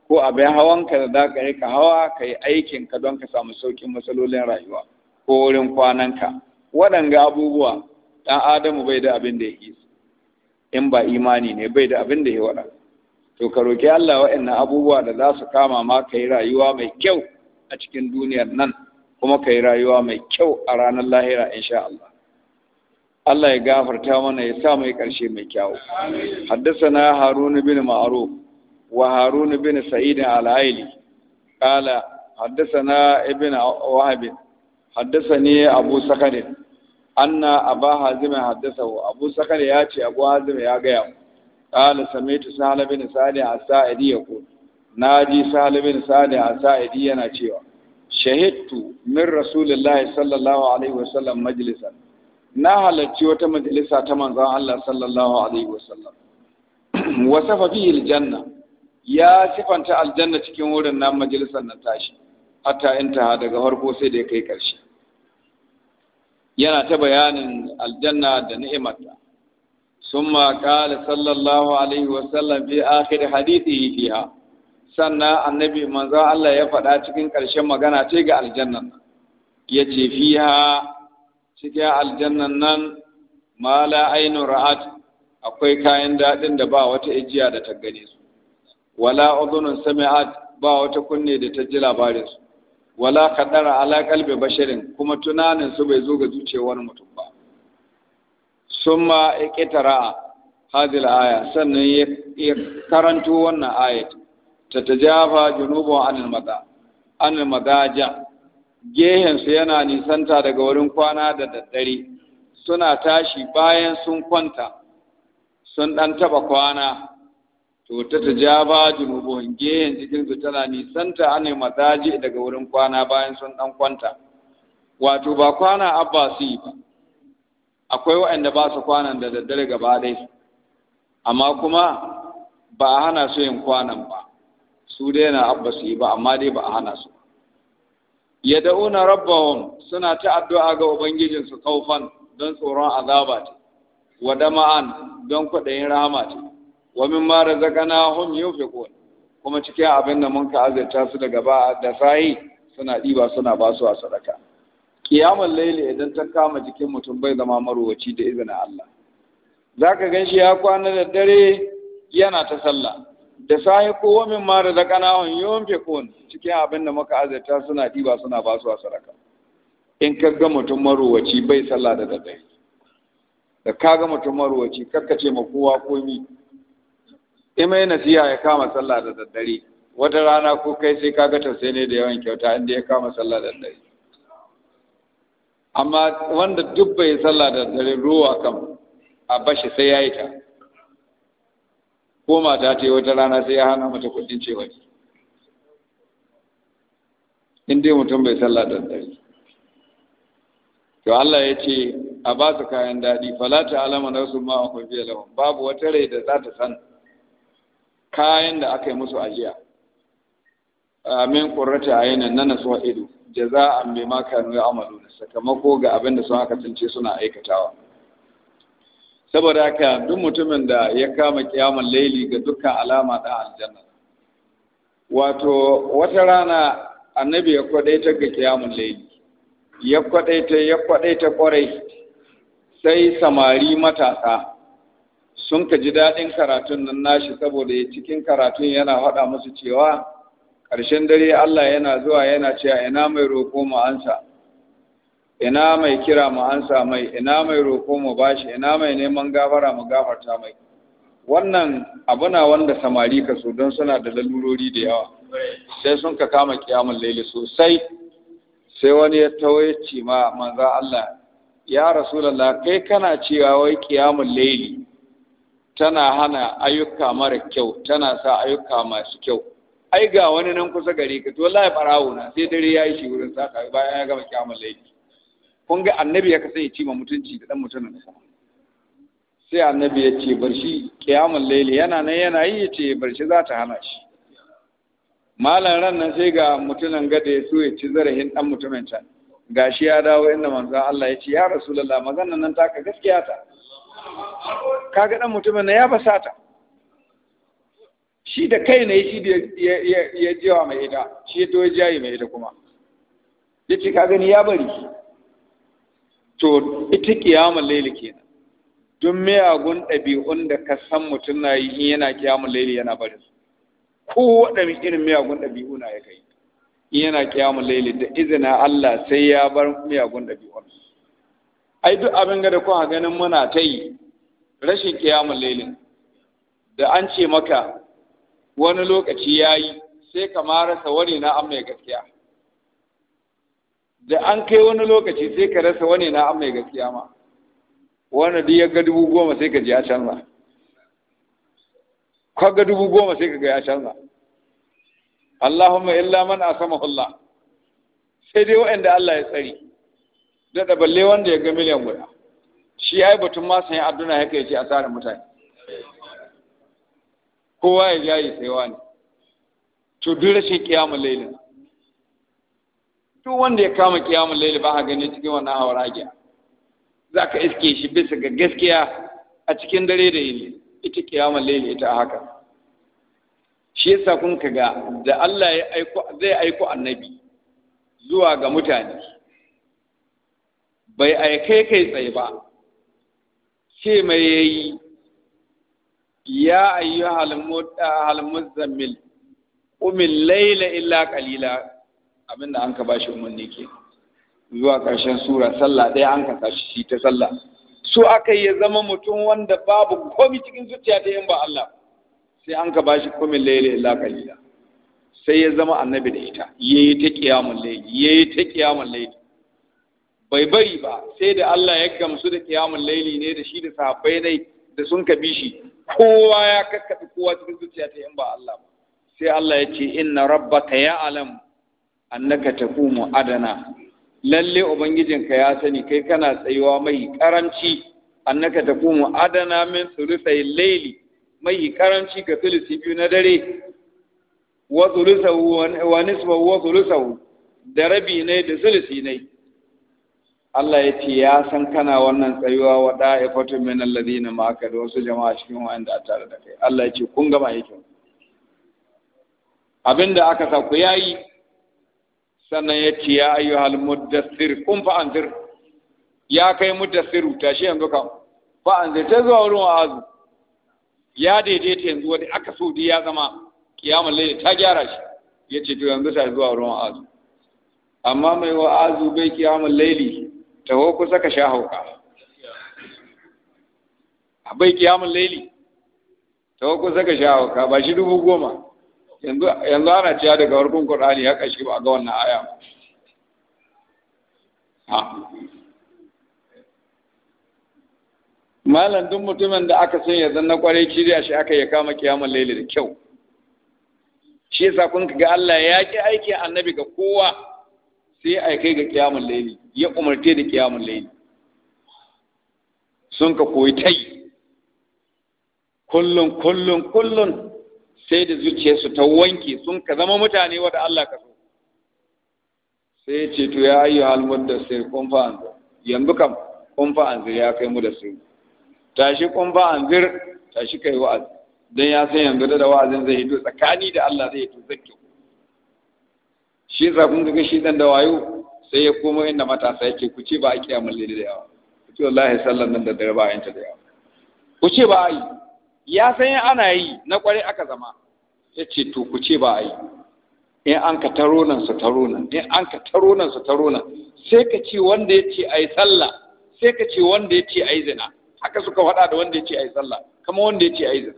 ko abin hawanka da za ka hawa ka yi aikinka don ka samu sauƙin matsalolin rayuwa ko wurin kwananka waɗanga abubuwa ɗan adamu bai da abin da ya yi in ba imani ne bai da abin da ya waɗa to ka roƙi Allah waɗannan abubuwa da za su kama ma ka yi rayuwa mai kyau a cikin duniyar nan kuma ka yi rayuwa mai kyau a ranar lahira insha Allah Allah ya gafarta mana ya sa mai ƙarshe mai kyau haddasa na haruna bin ma'aruf wa Haruna bin sa'id al-aili qala haddathana ibn wahab haddathani abu sakar anna aba hazim haddathahu abu sakar ya ce abu hazim ya ga ya qala sami'tu sahal bin sa'id as-sa'idi yaqul naji sahal bin sa'id as-sa'idi yana cewa shahidtu min rasulillahi sallallahu alaihi na halarci wata majalisa ta manzon Allah sallallahu alaihi wasallam wasafa bihi aljanna ya sifanta aljanna cikin wurin nan majalisar nan tashi hatta intaha daga farko sai da ya kai ƙarshe yana ta bayanin aljanna da ni'imarta summa qala sallallahu alaihi wa sallam fi akhir hadithihi fiha sannan annabi manzo Allah ya faɗa cikin ƙarshen magana ce ga aljannan yace fiha cikin aljannan nan mala ainu ra'at akwai kayan daɗin da ba wata ijiya da ta gane su wala udhunun sami'at ba wata kunne da ta ji labarin su wala kadara ala kalbi basharin kuma tunanin su bai zo ga zuciyar mutum ba summa iqtara hadhihi aya sannan ya karanto wannan ayat tajafa junubu anil mada anil madaja gehen su yana nisanta daga wurin kwana da daddare suna tashi bayan sun kwanta sun dan taba kwana to ta ta ja ba junubuhun gehen jikin su tana nisanta ane mazaji daga wurin kwana bayan sun dan kwanta wato ba kwana abba su yi ba akwai waɗanda ba su kwanan da daddare gaba dai amma kuma ba a hana su yin kwanan ba su dai na abba su yi ba amma dai ba a hana su ya da'una rabbahum suna ta addu'a ga ubangijinsu kaufan don tsoron azaba ce wa dama'an don kwaɗayin rahama ce wa min ma razaqnahum yunfiqun kuma cikin abin da mun ka azurta su daga ba da sahi suna diba suna ba su a sadaka kiyamul layli idan ta kama jikin mutum bai zama marowaci da izinin Allah zaka ganshi ya kwana da dare yana ta sallah da sahi ko wa min ma razaqnahum yunfiqun cikin abin da muka azurta suna diba suna ba su a sadaka in ka ga mutum marowaci bai sallah da daddare da ka ga mutum marowaci kakkace ma kowa komi in mai nasiha ya kama sallah da daddare wata rana ko kai sai kaga tausayi ne da yawan kyauta inda ya kama sallah da daddare amma wanda duk bai sallah da daddare ruwa kan a bashi sai ya yi ta ko mata ta wata rana sai ya hana mata kudin cewa in dai mutum bai sallah da daddare to Allah ya ce a ba su kayan daɗi falata alama na su ma'a kun babu wata rai da za ta san kayan da aka yi musu ajiya amin yanayin aynan nana suwa ido jaza'an bima amalu da sakamako ga abin da sun aka tunce suna aikatawa saboda haka duk mutumin da ya kama kiyaman laili ga dukkan alama ɗan aljanna wato wata rana annabi ya ta ga kiyamun laili ya kwadaita ya kwarai sai samari matasa sun ka ji daɗin karatun nan nashi saboda cikin karatun yana faɗa musu cewa ƙarshen dare Allah yana zuwa yana cewa ina mai roƙo mu ansa ina mai kira mu ansa mai ina mai roƙo mu bashi ina mai neman gafara mu gafarta mai wannan abu na wanda samari ka so don suna da lalurori da yawa sai sun ka kama kiyamun laili sosai sai wani ya tawaye ce ma manzo Allah ya rasulullah kai kana cewa wai kiyamun laili tana hana ayyuka mara kyau tana sa ayyuka masu kyau ai ga wani nan kusa gari ka to wallahi farawo na sai dare ya yi shi wurin sata bayan ya gama kiyamar laifi kun ga annabi ya kasance cima mutunci da dan mutumin sa sai annabi ya ce bar shi kiyamar laili yana nan yana yi ya ce bar shi za ta hana shi malam ran nan sai ga mutumin gade ya so ya ci zarafin dan mutumin can gashi ya dawo inda manzo Allah ya ce ya rasulullah maganar nan ka gaskiya ta kaga dan mutumin na ya fasata shi da kai ne shi da ya jewa mai ita shi ya toye jayi mai ita kuma ya ce ka gani ya bari to ita kiyamun laili kenan don miyagun ɗabi'un da ka san mutum na yi in yana kiyamun laili yana barin su ko waɗanne irin miyagun ɗabi'u na ya kai in yana kiyamun laili da izina Allah sai ya bar miyagun ɗabi'un su ai duk abin ga da kuka ganin muna ta yi rashin kiyamun lailin da an ce maka wani lokaci ya yi sai ka rasa wani na an mai gaskiya da an kai wani lokaci sai ka rasa wani na an mai gaskiya ma wani duk ya ga dubu goma sai ka ji ya canza ka ga dubu goma sai ka ga ya canza Allahumma illa man asamahu Allah sai dai waɗanda Allah ya tsari Da balle wanda ya ga miliyan guda shi ya batun ma sai aduna ya ce a tsarin mutane kowa ya jaye sai ne to duk rashin kiyamul lailin to wanda ya kama kiyamul lailin ba a gani cikin wannan hauragiya za ka iske shi bisa ga gaskiya a cikin dare da yini ita kiyamul lailin ita haka shi yasa kun ga da Allah ya aiko zai aiko annabi zuwa ga mutane bai aike kai tsaye ba ce mai yayi ya ayyu halmuzammil umil laila illa kalila abinda an ka bashi umarni ke zuwa karshen sura sallah ɗaya an ka tashi shi ta sallah su aka ya zama mutum wanda babu komi cikin zuciya ta yin ba Allah sai an ka bashi umil laila illa kalila sai ya zama annabi da ita yayi ta qiyamul layli yayi ta qiyamul layli bai bari ba sai da Allah ya gamsu da kiyamun laili ne da shi da sahabbai ne da sun kabi shi kowa ya kakkaɓe kowa cikin zuciya ta in ba Allah ba sai Allah ya ce inna rabbaka alam annaka taqumu adana lalle ubangijinka ya sani kai kana tsayuwa mai karanci annaka taqumu adana min thuluthai laili mai karanci ga thuluthi biyu na dare wa thuluthahu wa nisfu wa thuluthahu da rabi ne da thuluthi ne Allah ya ce ya san kana wannan tsayuwa wa da'ifatu min alladhina ma'aka da wasu jama'a cikin wanda a tare da kai Allah ya ce kun gama yake abinda aka sa ku yayi sannan ya ce ya ayyuhal muddassir kun fa anzir ya kai muddassiru tashi yanzu kam fa anzir ta zuwa wurin wa'azu ya daidaita yanzu wani aka so ya zama kiyamul layli ta gyara shi ce to yanzu ta zuwa wurin wa'azu amma mai wa'azu bai kiyamul layli taho kusa ka sha hauka abai kiyamun laili taho kusa ka sha hauka ba shi dubu goma yanzu ana ciya daga warkun kurani ya kashi ba ga wannan aya malam duk mutumin da aka sun ya zanna kwarai kiriya shi aka ya kama kiyamun laili da kyau shi yasa kun ga Allah ya ki aiki annabi ga kowa sai a kai ga kiyamun laili ya umarce da kiyamun laili sun ka koyi yi Kullum-kullum-kullum sai da zuciyarsu ta wanke sun ka zama mutane wadda Allah ka so sai ya ce to ya ayyu halmud da sai kun fa anzir yanzu kam kun fa anzir ya kai mu da sai tashi kun fa anzir tashi kai wa'azi dan ya san yanzu da wa'azin zai hito tsakani da Allah zai hito zakki shi za kun ga shi dan da wayo sai ya komo inda matasa yake ku ce ba a kiyamun lili da yawa ku ce wallahi sallan nan da dare ba a yanta da yawa ku ce ba a yi ya san yin ana yi na kware aka zama ya ce to ku ce ba a yi in an ka taro nan su taro nan in an ka taro nan su taro nan sai ka ce wanda ya ce a yi sallah sai ka ce wanda ya ce a yi zina haka suka faɗa da wanda ya ce a yi sallah kama wanda ya ce a yi zina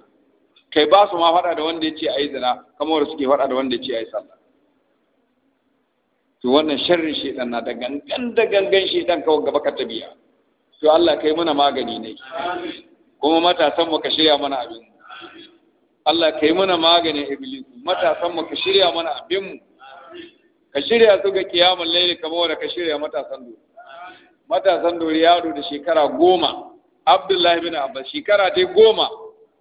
kai ba su ma faɗa da wanda ya ce a yi zina kama wanda suke faɗa da wanda ya ce a yi sallah to wannan sharrin shedan na da gangan da gangan shedan kawai gaba ka tabiya to Allah kai mana magani ne kuma matasan mu ka shirya mana abin Allah kai mana magani iblis matasan mu ka shirya mana abin mu ka shirya su ga kiyamul layli kamar wanda ka shirya matasan dole matasan do yaro da shekara goma Abdullahi bin Abbas shekara dai goma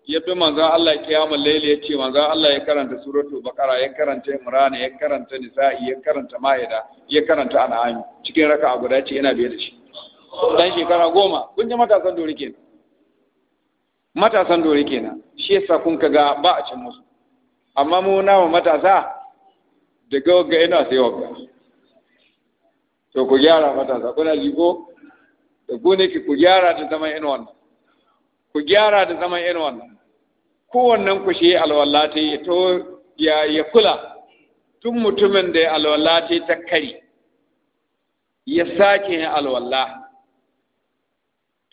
ya bi manzan Allah kiyamul laili ya ce manzan Allah ya karanta suratul baqara ya karanta imran ya karanta nisa'i ya karanta maida ya karanta an'am cikin a guda ce yana biye da shi dan shekara goma kun ji matasan dori kenan matasan dori kenan shi yasa kun kaga ba a cin musu amma mu nawa matasa daga ga ina sai wagga to ku gyara matasa kuna ligo da ku ne ku gyara da zaman irin wannan ku gyara da zaman irin wannan kowannen ku shi alwala to ya kula tun mutumin da alwala ta ta kari ya sake yin alwala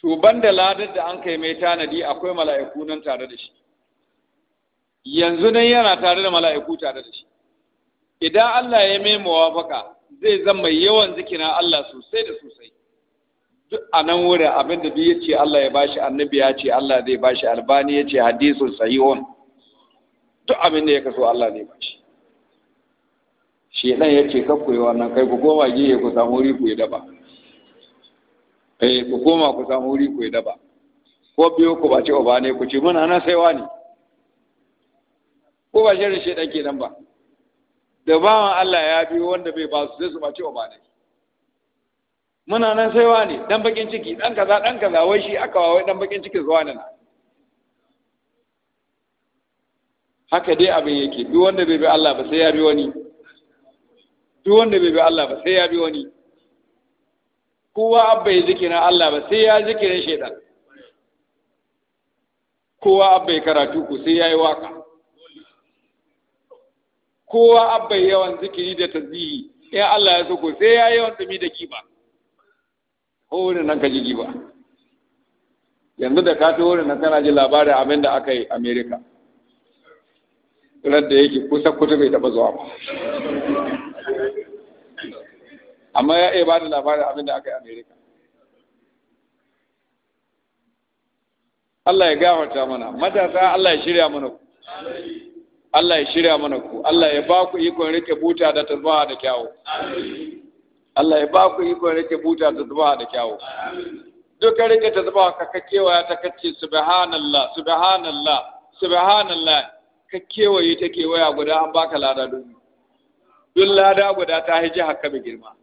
to da ladar da an kai mai tanadi akwai mala'iku nan tare da shi yanzu nan yana tare da mala'iku tare da shi idan Allah ya mai muwafaka zai zama yawan zikina Allah sosai da sosai a nan wurin abin da biyu ce Allah ya bashi annabi ya ce Allah zai bashi albani ya ce hadisun sahihun duk abin da ya kaso Allah zai bashi dan ya ce ka yi wannan kai ku koma giye ku samu wuri ku yi daba eh ku koma ku samu wuri ku yi daba ko biyo ku ba ce uba ne ku ce muna nan sai wani ko ba shi shirin ke nan ba da wa Allah ya biyo wanda bai ba su sai su ba ce uba ne muna nan sai ne dan bakin ciki dan kaza dan kaza wai shi aka wa wai dan bakin ciki zuwa nan haka dai abin yake duk wanda bai bi Allah ba sai ya bi wani duk wanda bai bi Allah ba sai ya bi wani kowa abbai zikirin Allah ba sai ya zikirin shaitan kowa abbai karatu ku sai ya yi waka kowa abbai yawan zikiri da tasbihi in Allah ya so ku sai ya yawan tsumi da kiba wurin nan ka ji ba yanzu da ka fi wurin nan kana ji labarin abin da aka yi Amerika, ran da yake kusa kusa bai taba zuwa ba amma ya iya ba da labarin abin da aka yi Amerika. Allah ya gafarta mana matasa Allah ya shirya mana ku Allah ya shirya mana ku Allah ya ba ku ikon rike buta da tasbaha da kyawu amin Allah ya ba ku iko rike buta ta zuba da kyawu duk rike ta zuba ka kewaya ta kace subhanallah subhanallah subhanallah ka kewaye ta kewaya guda an baka lada dubi. duk lada guda ta hiji haka bi girma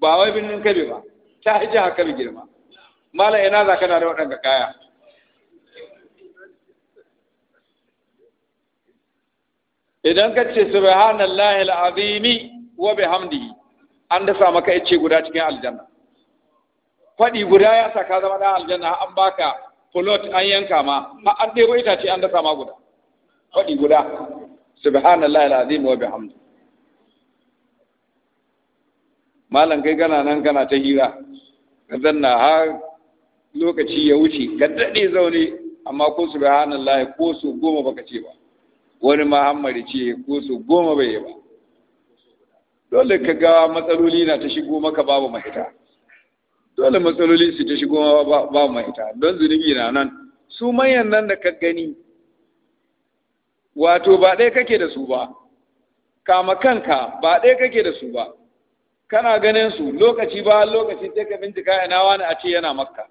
ba wai binnin kabe ba ta hiji haka bi girma mala ina za ka na da waɗanda kaya idan ka ce subhanallahi al'azimi wa Hamdi an dasa maka yace guda cikin aljanna faɗi guda ya sa ka zama da aljanna an baka fulot an yanka ma an ɗebo itace an dasa ma guda faɗi guda subhanallahi alazim wa Hamdi. malam kai kana nan kana ta hira ka zanna har lokaci ya wuce ka daɗe zaune amma ko subhanallahi ko su goma baka ce ba wani ma hammari ce ko su goma bai yi ba dole ka ga matsaloli na ta shigo maka babu mahita dole matsaloli su ta shigo babu mahita don zunubi na nan su manyan nan da ka gani wato ba ɗaya kake da su ba kama kanka ba ɗaya kake da su ba kana ganin su lokaci ba lokaci sai ka bincika ina wani a ce yana makka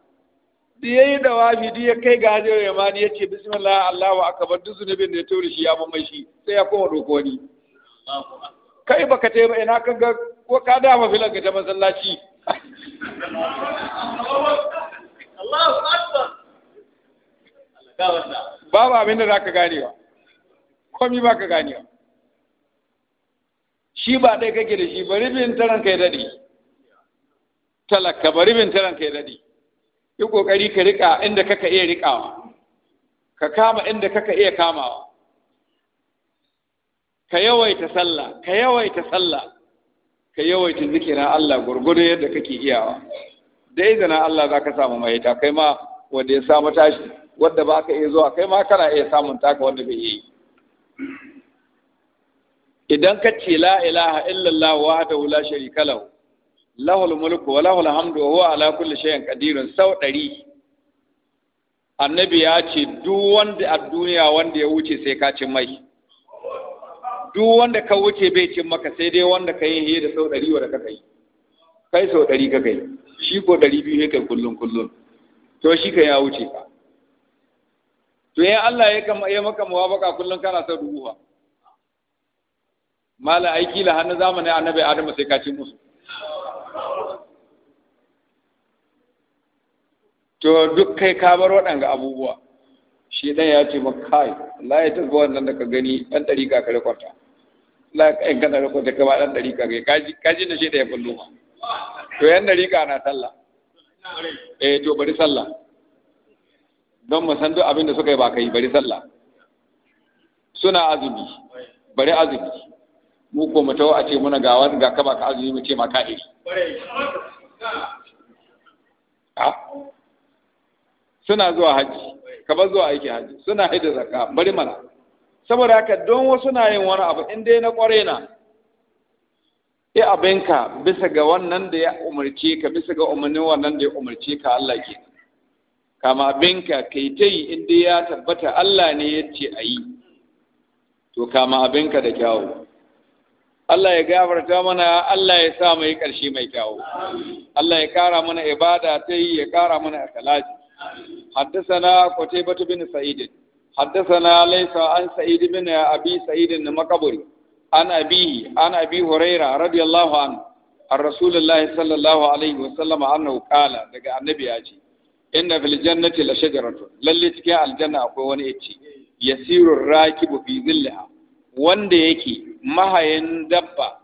da ya yi dawafi duk ya kai ga hajjar yamani ya ce bismillah allahu akabar duk zunubin da ya tori shi ya mai shi sai ya koma doko kai baka te ba ina kan ga ko ka da ma filan ka ta masallaci Allahu akbar babu abin da zaka ganewa komi baka ganewa shi ba dai kake da shi bari bin taran kai dadi talaka bari bin taran kai dadi yi kokari ka rika inda kaka iya rikawa ka kama inda kaka iya kamawa ka yawaita sallah ka yawaita sallah ka yawaita zikirin Allah gurgudu yadda kake iyawa da izinin Allah za ka samu ta kai ma wanda ya samu tashi wanda ba ka iya zuwa kai ma kana iya samun taka wanda bai yi idan ka ce la ilaha illallah wahdahu wula sharika lahu lahul mulku wa lahul hamdu wa huwa ala kulli shay'in qadirun sau ɗari. annabi ya ce duk wanda a duniya wanda ya wuce sai ka ci mai duk wanda ka wuce bai cin maka sai dai wanda ka yi da sau ɗari wanda ka kai, kai sau ɗari ka kai shi ko ɗari biyu ya kai kullum kullum to shi ka ya wuce ka to ya Allah ya kama ya maka baka kullum kana sau dubu ba mala aiki la hannu zamanin annabi Adamu sai ka ci musu to duk kai ka bar waɗanga abubuwa shi ɗan ya ce maka kai Allah ya tafi wannan da ka gani ɗan ɗari ka kare kwanta la in kana da kote ka ba dan dari ka kaji kaji da shi da ya kullu ma to yan dari ka na sallah eh to bari sallah don mu san duk abin da suka yi ba kai bari sallah suna azumi bari azumi mu ko mu tawo a ce muna ga wani ga kaba ka azumi mu ce ma ka suna zuwa haji kaba zuwa aiki haji suna haida zakka bari mana saboda haka don wasu na yin wani abu in dai na kware na yi abinka bisa ga wannan da ya umarce ka bisa ga umarnin wannan da ya umarce ka Allah ke kama abinka kai ta yi in dai ya tabbata Allah ne ya ce a yi to kama abinka da kyawu Allah ya gafarta mana Allah ya sa mai ƙarshe mai kyawu Allah ya kara mana ibada ta yi ya kara mana akalaji kwatai batu bin sa'idin حدثنا ليس عن سعيد بن أبي سعيد المقبري عن أبيه عن أبي هريرة رضي الله عنه عن رسول الله صلى الله عليه وسلم أنه قال لقى النبي أجي إن في الجنة لشجرة للي تكي الجنة أقوان إتي يسير الراكب في ظلها wanda yake mahayin dabba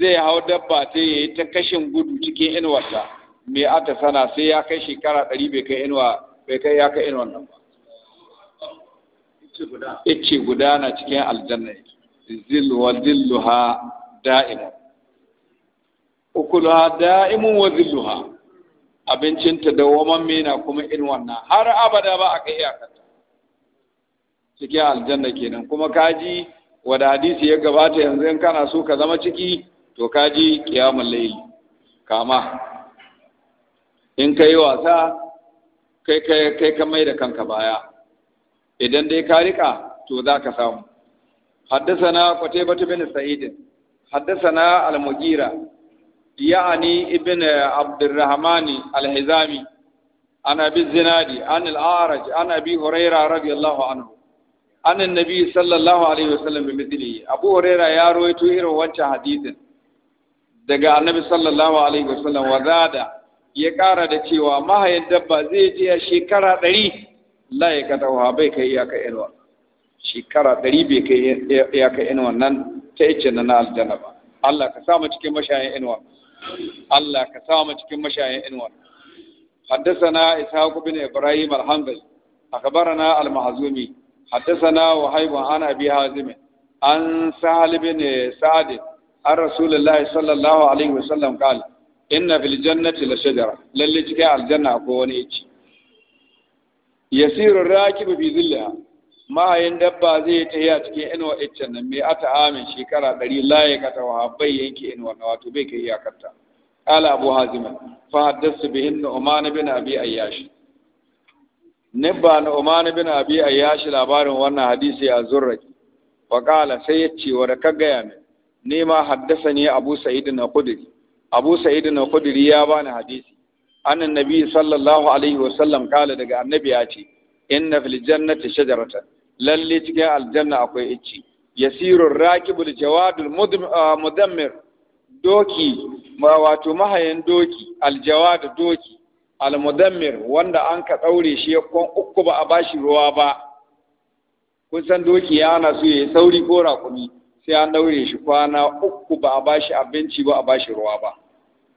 zai hau dabba ta yi ta kashin gudu cikin inuwarta mai ata sana sai ya kai shekara ɗari bai kai inuwa bai kai ya kai inuwan nan ba ce guda na cikin aljanna zil wa zilluha da'imu ukuluha da'imu wa zilluha abincin ta dawaman na kuma in wannan har abada ba a kai iyakarta cikin aljanna kenan kuma kaji wada hadisi ya gabata yanzu in kana so ka zama ciki to kaji kiyamun laili kama in kai wasa kai ka mai da kanka baya Idan dai ka rika to za ka samu. Haddasa na kwataima ta Bani Sa'idu. Al-mugira. Ya'ani Ibn Abdulrahman Al-huzami. Ana bin zinari. Ana biyu horaira. Ana biyu horaira. An nan na biyu sallallahu alaihi wa sallam. Abubuwar hermita ya roito irin wancan hadizan. Daga anan sallallahu alaihi wa sallam. ya kara da cewa mahayin dabba zai je shekara ɗari. la ya ta wa bai kai iyaka inuwa shekara ɗari bai kai iyaka inuwa nan ta ice na na aljanna ba Allah ka sa mu cikin mashayin inuwa Allah ka sa mu cikin mashayin inuwa حدثنا إسحاق بن إبراهيم الحنبلي أخبرنا المحزومي حدثنا وهيب عن أبي هازم عن سهل بن سعد عن الله صلى الله عليه وسلم قال إن في الجنة لشجرة للي ko wani أكوني yasirur rakibu fi zillaha mahayin dabba zai ta yi a cikin inuwa iccen nan mai ata amin shekara ɗari laye kata wa bai yanke inuwa na wato bai kai iyakarta ala abu hazima fa haddasa bihin na umana bin abi ayyashi nibba na umana bin abi ayyashi labarin wannan hadisi a zurraki fa kala sai ya ce wa da ka gaya min ni ma haddasa ne abu sa'id na kudiri abu sa'id na kudiri ya bani hadisi annan nabi sallallahu alaihi wasallam kala daga annabi ya ce inna fil jannati shajaratan Lallai cikin aljanna akwai icci yasirur raqibul jawadul ah, mudammir doki wato mahayan doki aljawad doki almudammir wanda an ka daure shi uku ba a bashi ruwa ba kun san doki ya ana so yayi sauri ko raƙumi sai an daure shi kwana uku ba a bashi abinci ba a bashi ruwa ba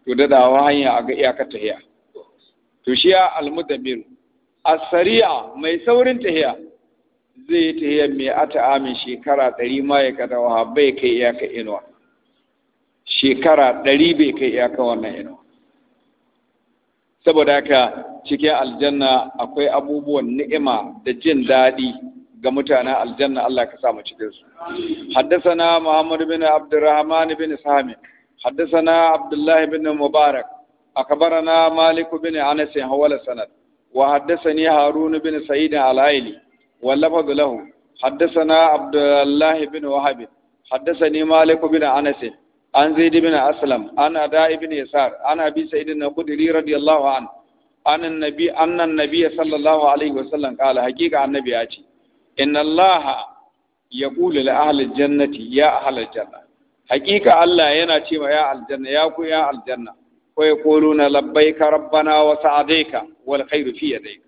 to dadawa hanya a ga iyakar tahiya to shi ya almudabbir as mai saurin tahiya zai yi tahiyar mai ata amin shekara ɗari ma ya kada wa bai kai iyaka inuwa shekara ɗari bai kai iyaka wannan inuwa saboda haka cikin aljanna akwai abubuwan ni'ima da jin daɗi ga mutanen aljanna Allah ka samu cikin su Haddasa na Muhammadu bin الرحمن bin سامي Haddasa na Abdullahi bin Mubarak. أخبرنا مالك بن أنس حول سند وحدثني هارون بن سعيد العائلي واللفظ له حدثنا عبد الله بن وهب حدثني مالك بن أنس عن زيد بن أسلم عن أداء بن يسار عن أبي سعيد الخدري رضي الله عنه عن النبي أن النبي صلى الله عليه وسلم قال حقيقة النبي أتي إن الله يقول لأهل الجنة يا أهل الجنة حقيقة الله ينأتي يا الجنة يا يا الجنة na ويقولون لبيك ربنا وسعديك والخير في يديك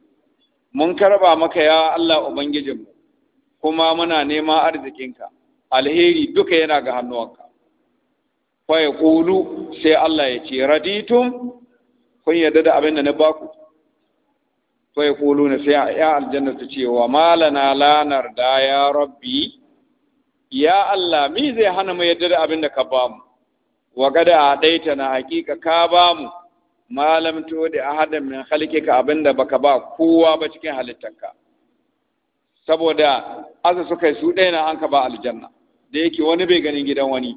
mun karba maka ya Allah mu. kuma muna nema arzikinka alheri duka yana ga hannuwanka fa yaqulu sai Allah ya ce raditum kun yarda da abin da na baku fa yaquluna sai ya aljanna ta ce wa malana lanar da ya rabbi ya Allah mi zai hana mu yarda da abin da ka bamu wa gada a ɗaita na hakika ka ba mu malam to da ahadan min halkika abinda baka ba kowa ba cikin halittarka saboda aza suka su ɗaya na an ka ba aljanna da yake wani bai ganin gidan wani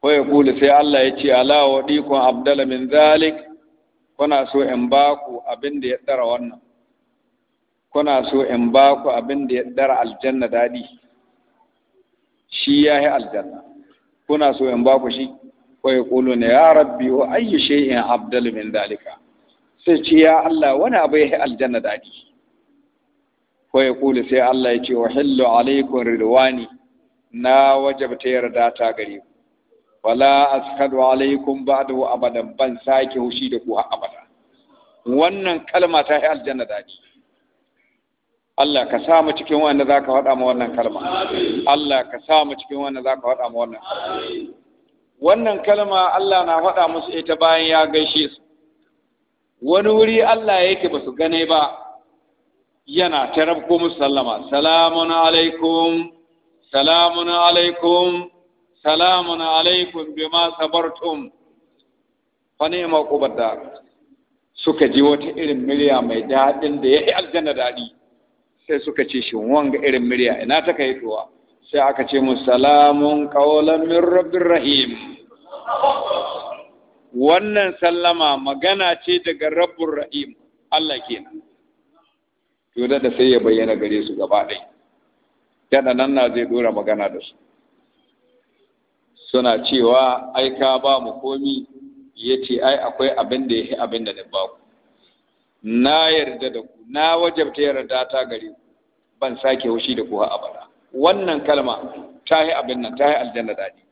ko ya kula sai Allah ya ce ala wa dikon abdala min zalik kuna so in ba ku abin da ya dara wannan kuna so in ba ku abin da ya dara aljanna dadi shi ya yi aljanna kuna so in ba ku shi Kulu ne, ya rabbi wa ayyu shay'in abdal min dalika sai ce ya Allah wani abu ya aljanna dadi wa Kulu sai Allah ya ce wa hillu alaikum ridwani na wajabta yarda ta gare ku wala askadu alaikum ba'du abadan ban sake hushi da ku abada wannan kalma ta yi aljanna dadi Allah ka sa mu cikin wanda za ka faɗa ma wannan kalma Allah ka sa mu cikin wanda za ka faɗa ma wannan wannan kalma Allah na faɗa musu ita bayan ya gaishe su wani wuri Allah yake ba su gane ba yana ta rabko musu sallama salamun alaikum salamun alaikum salamun alaikum ma sabartum fa ni'ma da? suka ji wata irin murya mai daɗin da ya yi aljanna daɗi sai suka ce shi wanga irin murya ina ta kai tuwa sai aka ce mu salamun qawlan min rabbir rahim wannan sallama magana ce daga rabbur rahim Allah kenan to da sai ya bayyana gare su gaba ɗaya dan nan na zai dora magana da su suna cewa ai ka ba mu komi yace ce ai akwai abin da ya abin da na ba ku na yarda da ku na wajabta yarda ta gare ku ban sake wushi da ku abada wannan kalma ta yi abin nan ta yi aljanna daɗi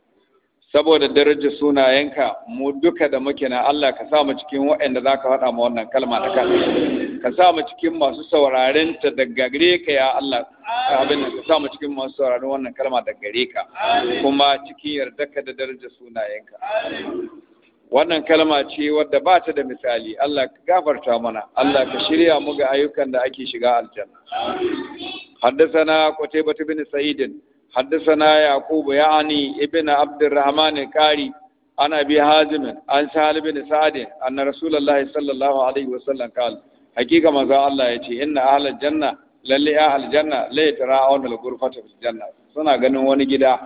saboda darajar sunayenka mu duka da muke na Allah ka sa mu cikin waɗanda za ka faɗa ma wannan kalma da kan ka sa mu cikin masu sauraren ta daga gare ka ya Allah abin nan ka sa mu cikin masu sauraren wannan kalma daga gare ka kuma cikin yarda ka da darajar sunayenka wannan kalma ce wadda ba ta da misali Allah ka gafarta mana Allah ka shirya mu ga ayyukan da ake shiga aljanna حدثنا قتيبة بن سعيد حدثنا يعقوب يعني ابن عبد الرحمن الكاري عن ابي حازم عن سهل بن سعد ان رسول الله صلى الله عليه وسلم قال حقيقه ما الله يجي ان اهل janna la yatara'un al ghurfata fil janna suna ganin wani gida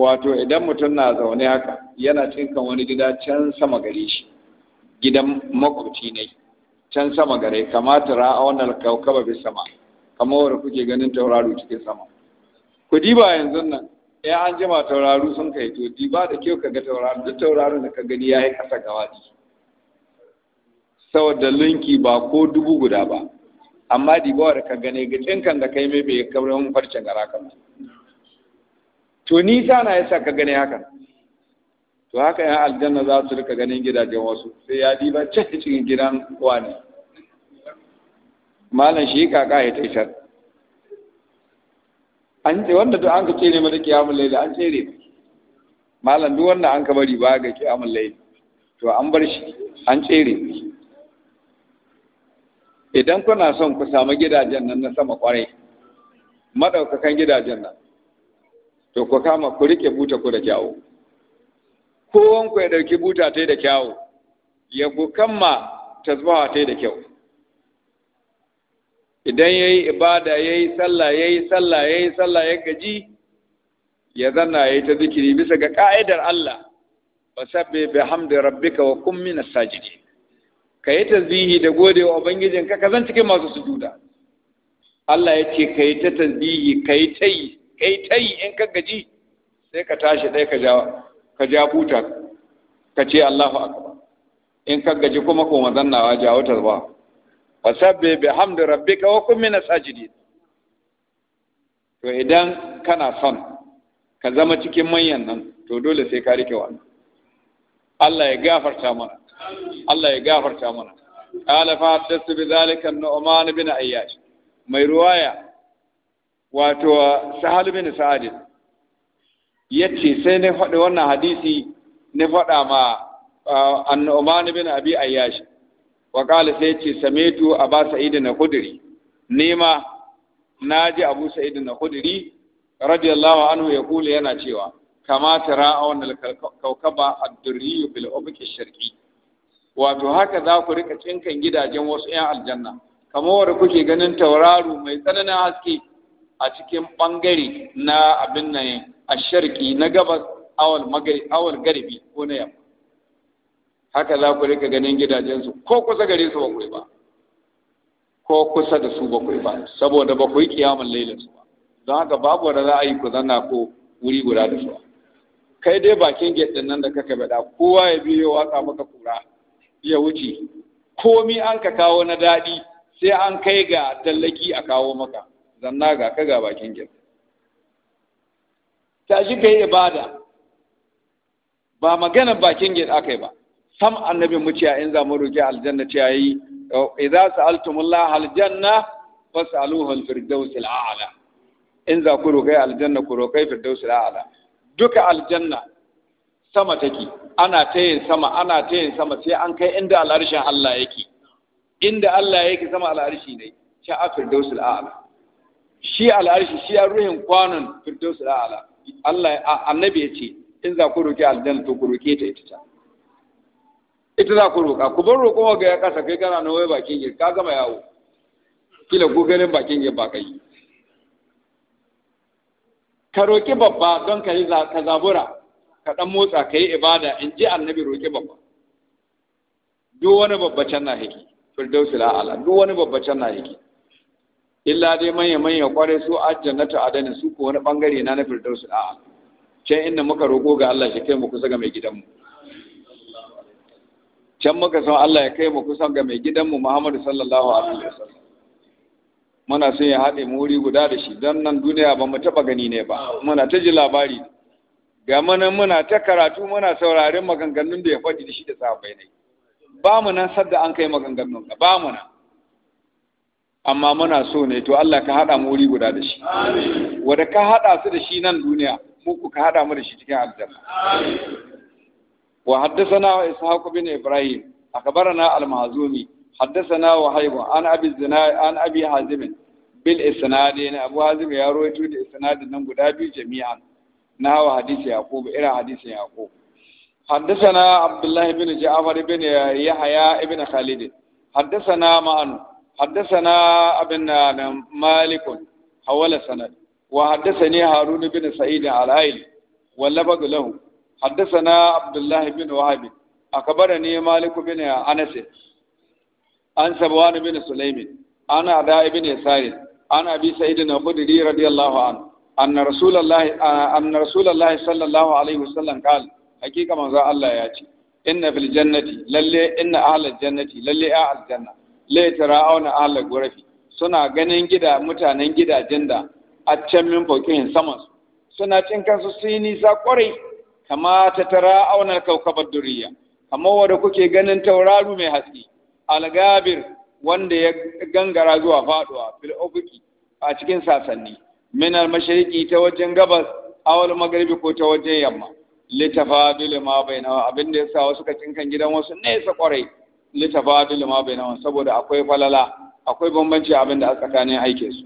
wato idan mutum na zaune haka yana cinkan wani gida can sama gare shi gidan makwabci ne can sama gare kamata ra'aunar kaukaba bi sama kamar wadda kuke ganin tauraro cikin sama ku diba yanzu nan ya an jima tauraro sun kai to diba da kyau kaga tauraro duk tauraro da ka gani yayi kasa gawadi saboda linki ba ko dubu guda ba amma diba da ka gane ga kan da kai mai bai kabarin farcen gara kamar to nisa na yasa ka gane haka to haka yan aljanna za su rika ganin gidajen wasu sai ya diba ce cikin gidan wani malam shi kaka ya taishar an ce wanda duk an ka tsere mata kiyamun laila an tsere malam duk wanda an ka bari ba ga kiyamun laila to an bar shi an tsere idan kuna son ku samu gidajen nan na sama kwarai madaukakan gidajen nan to ku kama ku rike buta ku da kyawu Ko ku ya dauki buta ta da kyawu ya ku kama ta da kyau idan yayi ibada yayi sallah yayi sallah yayi sallah ya gaji ya zanna yayi ta zikiri bisa ga ka'idar Allah fasabbi bihamdi rabbika wa kun minas sajidin yi tasbihi da gode wa ubangijinka ka zan cikin masu sujuda Allah ya ce yi ta tasbihi yi ta yi kai tai in ka gaji sai ka tashi ɗaya ka ja ka ja buta ka ce Allahu akbar in ka gaji kuma ko mazannawa ja wata ba fasabbi bihamdi rabbika wa kun min asajidin to idan kana son ka zama cikin manyan nan to dole sai ka rike wannan Allah ya gafarta mana Allah ya gafarta mana qala fa haddathu bi zalika an-nu'man bin ayyash mai ruwaya wato sahal bin sa'ad yace sai na faɗi wannan hadisi ne faɗa ma annu'man bin abi ayyash wa qala sai yace samitu aba sa'id na khudri nema naji abu sa'id na khudri radiyallahu anhu ya kula yana cewa kama tara a kaukaba ad-durri bil ufuq sharqi wato haka za ku rika cinkan gidajen wasu 'yan aljanna kamar wanda kuke ganin tauraro mai tsananin haske a cikin ɓangare na abin nan a sharki na gabas awal garbi ko na yamma haka za ku rika ganin gidajensu ko kusa gare su bakwai ba ko kusa da su bakwai ba saboda ba ku yi kiyamun lailansu ba don haka babu wanda za a yi ku zanna ko wuri guda da su kai dai bakin gate nan da kaka bada kowa ya biyo waka maka kura ya wuce komi an ka kawo na daɗi sai an kai ga tallaki a kawo maka zanna ga ka ga bakin gida ta ka yi ibada ba magana bakin gida akai ba sam annabi muciya in za mu roƙi aljanna ta yi. idza sa'altumullah aljanna fas'aluhu al-firdaus al-a'la in za ku roƙai aljanna ku roƙai firdaus al-a'la duka aljanna sama take ana ta yin sama ana ta yin sama sai an kai inda al'arshin Allah yake inda Allah yake sama al'arshi ne sha a firdaus ala shi al'arshi shi ya ruhin kwanon firdausul a'la Allah annabi yace in za ku roki Aljan to ku roke ta ita ta ita za ku roka ku bar roko ga ya kasa kai kana na wai bakin gir ka gama yawo kila ko ganin bakin gir ba kai ka roki babba don ka yi ka zabura ka dan motsa ka yi ibada in ji annabi roki babba duk wani babba can na hiki firdausul a'la duk wani babba can na hiki illa dai manya manya kware su ajjannatu adani su ko wani bangare na na firdausu a can inda muka roko ga Allah shi kai mu kusa ga mai gidanmu can muka san Allah ya kai mu kusa ga mai gidanmu Muhammadu sallallahu alaihi wasallam muna son ya haɗe mu wuri guda da shi don nan duniya ba mu taɓa gani ne ba muna ta ji labari ga mana muna ta karatu muna saurarin maganganun da ya faɗi da shi da safai ne ba mu nan sadda an kai maganganun ba mu nan amma muna so ne to Allah ka haɗa mu wuri guda da shi wanda ka haɗa su da shi nan duniya muku ka haɗa mu da shi cikin aljanna wa haddathana ishaq bin ibrahim akhbarana al-mahzumi haddathana haybu an abi zinai an abi hazim bil ne abu hazim ya rawaito da isnadin nan guda biyu jami'an na wa hadisi yaqub ira hadisi yaqub haddathana abdullah bin ja'far bin yahya ibn khalid haddathana ma'an حدثنا ابن مالك حول سند وحدثني هارون بن سعيد العائلي واللفظ له حدثنا عبد الله بن وهب أخبرني مالك بن أنس عن سبوان بن سليم عن عداء بن يسار عن أبي سعيد الخدري رضي الله عنه أن رسول الله أن رسول الله صلى الله عليه وسلم قال حقيقة من الله يأتي إن في الجنة للي إن أهل الجنة للي أهل الجنة laitara auna ala gurafi suna ganin gida mutanen gidajen da a can min fauƙihin saman suna cin kansu sun yi nisa ƙwarai kama ta tara auna kaukabar duriya kamar wanda kuke ganin tauraru mai haske algabir wanda ya gangara zuwa faduwa fil a cikin sasanni min al ta wajen gabas awal magharibi ko ta wajen yamma litafadul ma bainahu abinda yasa wasu ka kan gidan wasu nesa kwarai litafadil ma bainahum saboda akwai falala akwai bambanci abin da a tsakanin aike su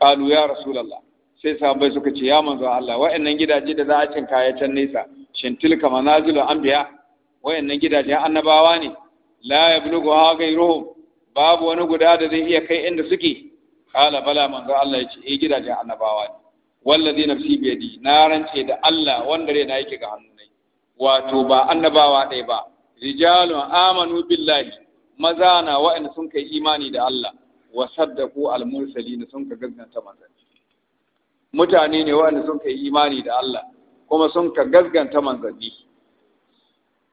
qalu ya rasulullah sai sahabbai suka ce ya manzo Allah wa'annan gidaje da za a cin kaya can nesa shin tilka manazilul anbiya wa'annan gidaje annabawa ne la yablugu ha gairuhum babu wani guda da zai iya kai inda suke qala bala manzo Allah ya ce eh gidajen annabawa ne wallazi nafsi biyadi na rance da Allah wanda rai na yake ga hannu ne wato ba annabawa ɗaya ba rijalu amanu billahi Mazana, na wa'anda sun kai imani da Allah wa saddaqu al mursalin sun ka gaskanta manzanni mutane ne wa'anda sun kai imani da Allah kuma sun ka gaskanta manzanni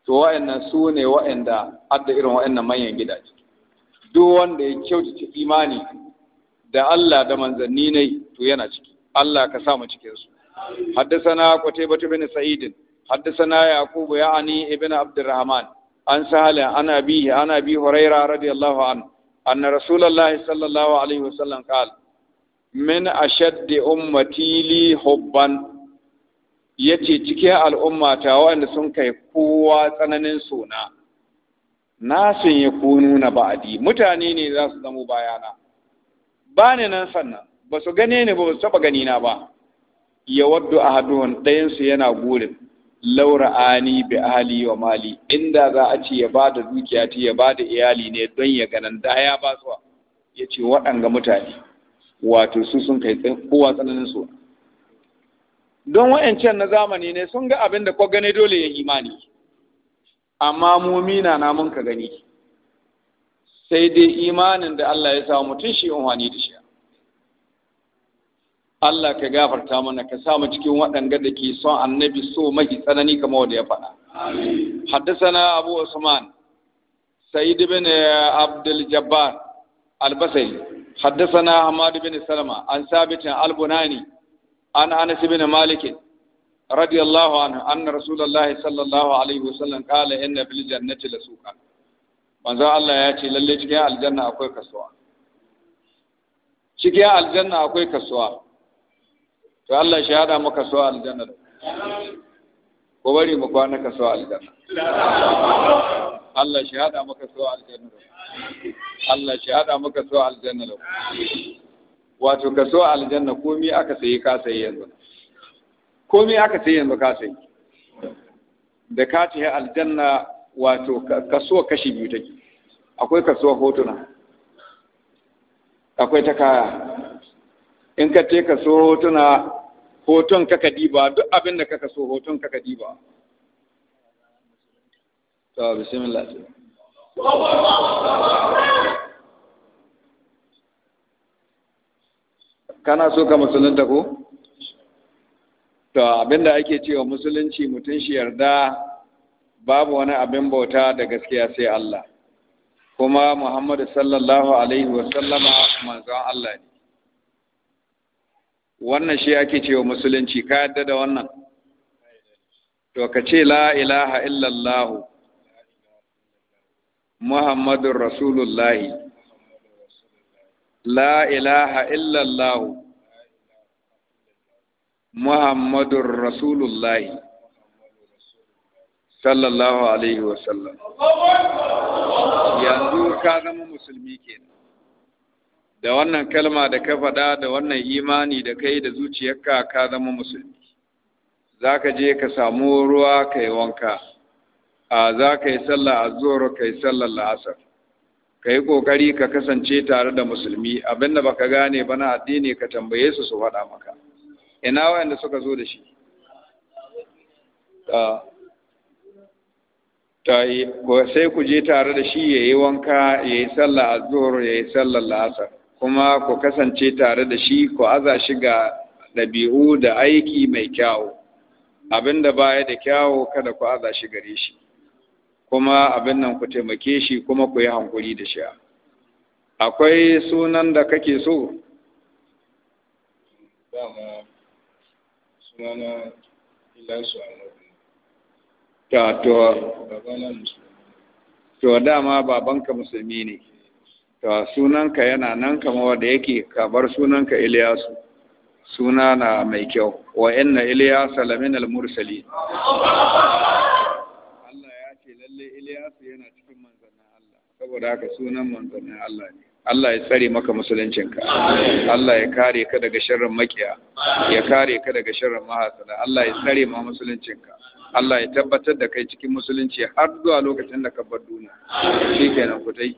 to wa'annan su ne wa'anda adda irin wa'annan manyan gidaje duk wanda ya kyautata imani da Allah da manzanni ne to yana ciki Allah ka sa mu cikin su حدثنا قتيبة بن سعيد حدثنا يعقوب يعني ابن عبد الرحمن عن سهل عن أبيه عن أبي هريرة رضي الله عنه أن رسول الله صلى الله عليه وسلم قال من أشد أمتي لي حبا yace cikin al'umma ta waɗanda sun kai kowa tsananin suna na sun yi nuna na ba'adi mutane ne za su zamo bayana ba ni nan sannan ba su gane ni ba su taɓa ganina ba ya waddu a haduwan ɗayansu yana gurin laura'ani bi ahli wa mali inda za a ce ya bada dukiya ta ya bada iyali ne don ya ganin da ya ba su ya ce waɗanga mutane wato su sun kai kowa tsananin su don wa'ancan na zamani ne sun ga abin da ko gane dole ya imani amma mumina na mun ka gani sai dai imanin da Allah ya sa mutum shi in wani da shi Allah ka gafarta mana ka sa mu cikin waɗanda da ke son annabi so mai tsanani kamar wanda ya faɗa. Haddasa na Abu Usman Sa'id bin Abdul Jabbar haddasa na Hamad bin Salama an sabitin Albunani an Anas bin maliki. radiyallahu anhu anna Rasulullahi sallallahu alaihi wasallam qala inna fil jannati lasuqa manzo Allah ya ce lalle cikin aljanna akwai kasuwa cikin aljanna akwai kasuwa to Allah shi hada maka so aljanna ko bari mu kwana ka so aljanna Allah shi hada maka so aljanna Allah shi hada maka so aljanna wato ka so aljanna komai aka sayi ka sayi yanzu komai aka sayi yanzu ka sayi da ka ci aljanna wato kaso kashi biyu take akwai so hotuna akwai ta kaya in ka ce ka so hotuna hoton kaka diba duk abin da kaka so hoton kaka diba kana so ka musulunta ko abin da ake cewa musulunci mutum shi yarda babu wani abin bauta da gaskiya sai Allah kuma Muhammadu sallallahu alaihi wasallama manzon Allah ne wannan shi ake cewa musulunci ka yadda da wannan to ka ce la ilaha illallah muhammadur rasulullah la ilaha illallah muhammadur rasulullah sallallahu alaihi wasallam yanzu ka zama musulmi kenan da wannan kalma da ka faɗa da wannan imani da kai da zuciyarka ka zama musulmi za ka je ka samu ruwa ka yi wanka a za ka yi sallah a zuwar ka yi sallar la'asar ka yi ƙoƙari ka kasance tare da musulmi abinda ba ka gane ba na addini ka tambaye su su faɗa maka ina wayanda suka zo da shi sai ku je tare da shi ya yi wanka ya yi sallah a zuwa ya yi sallar la'asar kuma ku kasance tare da shi ku aza shi ga ɗabi'u da aiki mai kyawu abin da baya da kyawu kada ku aza shi gare shi kuma abin nan ku taimake shi kuma ku yi hankuri da shi akwai sunan da kake so to dama babanka musulmi ne to sunanka yana nan kama wanda yake kamar sunanka Iliyasu suna na mai kyau wa inna Iliyasa lamin al-mursali Allah ya ce lalle Iliyasu yana cikin manzannin Allah saboda haka sunan manzannin Allah ne Allah ya tsare maka musuluncinka Allah ya kare ka daga sharrin makiya ya kare ka daga sharrin mahasada Allah ya tsare ma musuluncinka Allah ya tabbatar da kai cikin musulunci har zuwa lokacin da ka bar duniya shikenan ku dai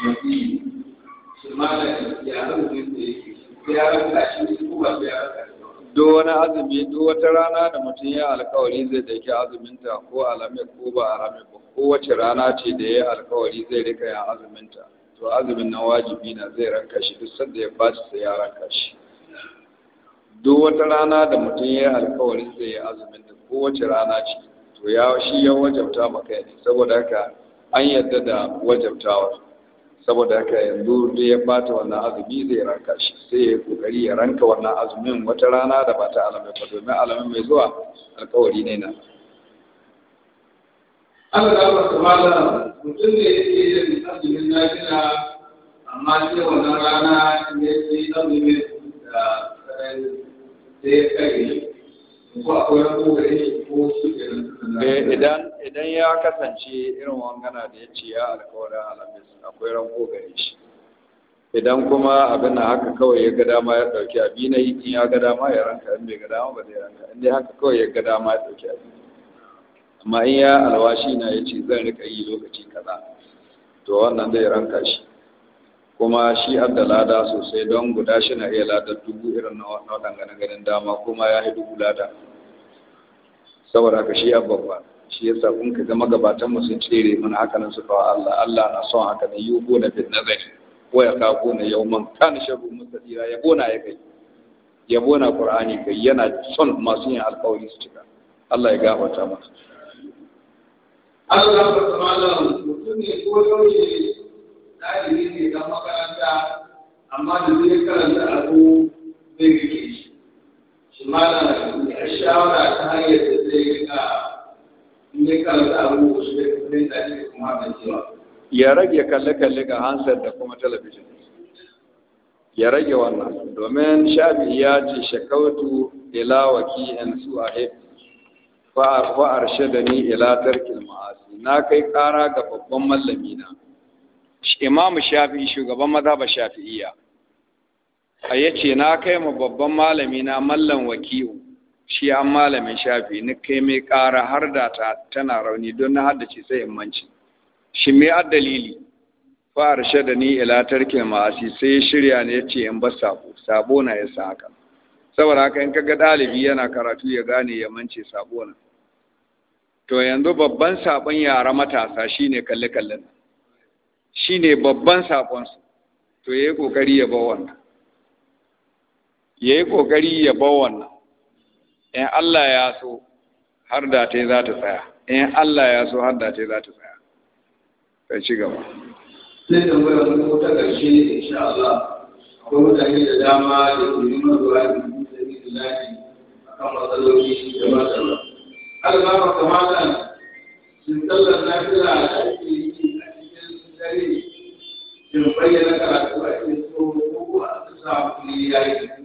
mafi shi malam ya ya rasa shi ko ba sai ya duk wani azumi duk wata rana da mutum ya alkawari zai ɗauki azuminta ko alamir ko ba alamir ba wace rana ce da ya alkawari zai rika yin azuminta to azumin nan wajibi na zai ranka shi duk sanda ya bashi sai ya ranka shi duk wata rana da mutum ya alkawari zai yi azuminta ko wace rana ce to ya shi ya wajabta maka ne saboda haka an yarda da wajabtawar saboda haka yanzu duk ya bata wannan azumi zai ranka shi sai ya kokari ya ranka wannan azumin wata rana da ba ta alamai ba domin alamin mai zuwa alkawari ne na Allah ya wasu mala mutum ne yake yin azumin lafiya amma sai wannan rana ne yake azumin da sai kai Eh, idan ya kasance irin wangana da ya ce ya alkawarin alamis akwai ranko gare shi idan kuma abin haka kawai ya ga dama ya dauki abi na in ya ga dama ya ranka in bai ga dama ba zai ranka in dai haka kawai ya ga dama ya dauki abi amma in ya alwashi na ya ce zan rika yi lokaci kaza to wannan zai ranka shi kuma shi abda lada sosai don guda shi na iya lada dubu irin na wannan ganin ganin dama kuma ya yi dubu lada saboda haka shi abba ba shi yasa kun ka zama magabatan mu sun cire mana haka nan su kawo Allah Allah na son haka ne yi na fitna zai ko ya ka na yauman kan sharu musadira ya gona ya kai ya gona qur'ani kai yana son masu yin alƙawari su cika Allah ya gafarta masa Allah ta wa mutum ne ko yau ɗalibi ne dan makaranta amma da zai karanta abu zai rike shi shi ma na ya shawara ta hanyar da zai rika in ya karanta abu shi da kuma da shi kuma da cewa ya rage kalle-kalle ga hansar da kuma talabijin ya rage wannan domin shafi ya ce shakautu ila waki'in su a fa'ar shadani ila tarkin ma'asi na kai kara ga babban mallami na imamu shafi'i shugaban mazhabar shafi'iyya a yace na kai ma babban malami na mallan wakiyu shi an malamin shafi ni kai mai ƙara har da ta tana rauni don na haddace sai in manci shi mai addalili fa da ni ila tarke ma'asi sai ya shirya ne yace in ba sabo sabo na yasa haka saboda haka in kaga dalibi yana karatu ya gane ya mance sabo na to yanzu babban sabon yara matasa shine kalle kallan Shi ne babban saƙonsu to ya yi ƙoƙari ya bawa wannan ya yi ƙoƙari ya bawa wannan in Allah ya so har da ta za ta tsaya in Allah ya so har da ta za ta tsaya kai ci gaba zai da wani ko ta ƙarshe insha Allah akwai mutane da dama da ke yi mazuwa da yi da yi a kan matsaloli da matsala. Allah ba kamata sun tsallar lafiya da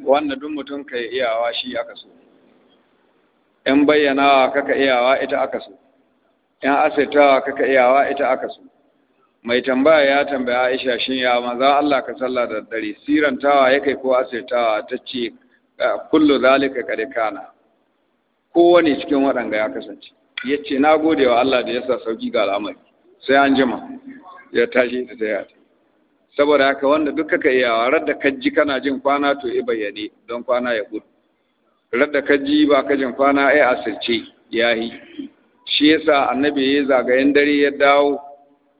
wannan duk mutum yi iyawa shi aka so Yan bayyanawa kaka iyawa ita aka so in asaitawa kaka iyawa ita aka so mai tambaya ya tambaya Aisha shin ya maza Allah ka sallah da dare sirantawa ya kai ko asetawa ta ce kullu zalika kare kana kowane cikin waɗanda ya kasance Ya ce na gode wa Allah da ya sa sauki ga al'amari sai an jima ya tashi ta yi ta saboda haka wanda duk kaka iya wa da kaji kana jin kwana to ya bayyane don kwana ya gudu radda kaji ba ka jin kwana ai asirce yi. shi yasa annabi ya zagayen dare ya dawo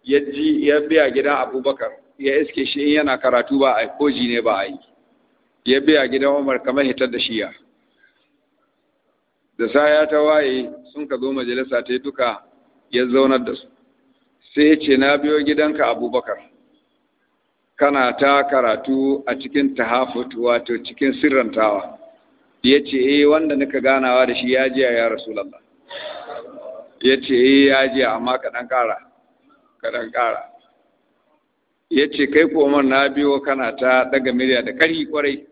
ya ji ya biya gidan abubakar ya iske shi in yana karatu ba a koji ne ba a yi ya biya gidan umar kamar hitar da shiya da sa ya ta waye sun ka zo majalisa ta duka ya zaunar da su sai ya ce na biyo gidanka abubakar kana ta karatu a cikin tahafut wato cikin sirrantawa ya ce e wanda nika ganawa da shi ya jiya ya sulalla ya ce e ya jiya amma kaɗan ƙara kaɗan ƙara ya ce kai komar na biyo kana ta daga miliya da ƙari kwarai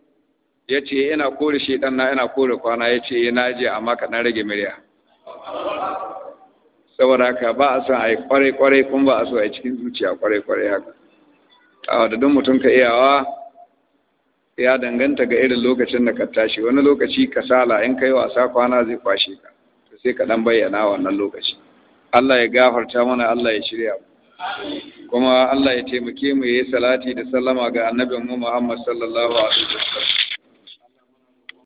ya ce ina kore ɗan na ina kore kwana ya ce eh, na jiya amma kaɗan rage miliya saboda haka ba a son a yi kwarai-kwarai kuma ba a so a yi cikin zuciya kwarai-kwarai haka a da mutum ka iyawa ya danganta ga irin lokacin da ka tashi wani lokaci kasala in ka yi wasa kwana zai kwashe ka sai ka dan bayyana wannan lokaci Allah ya gafarta mana Allah ya shirya mu kuma Allah ya taimake mu yayi salati da sallama ga annabinmu Muhammad sallallahu alaihi wasallam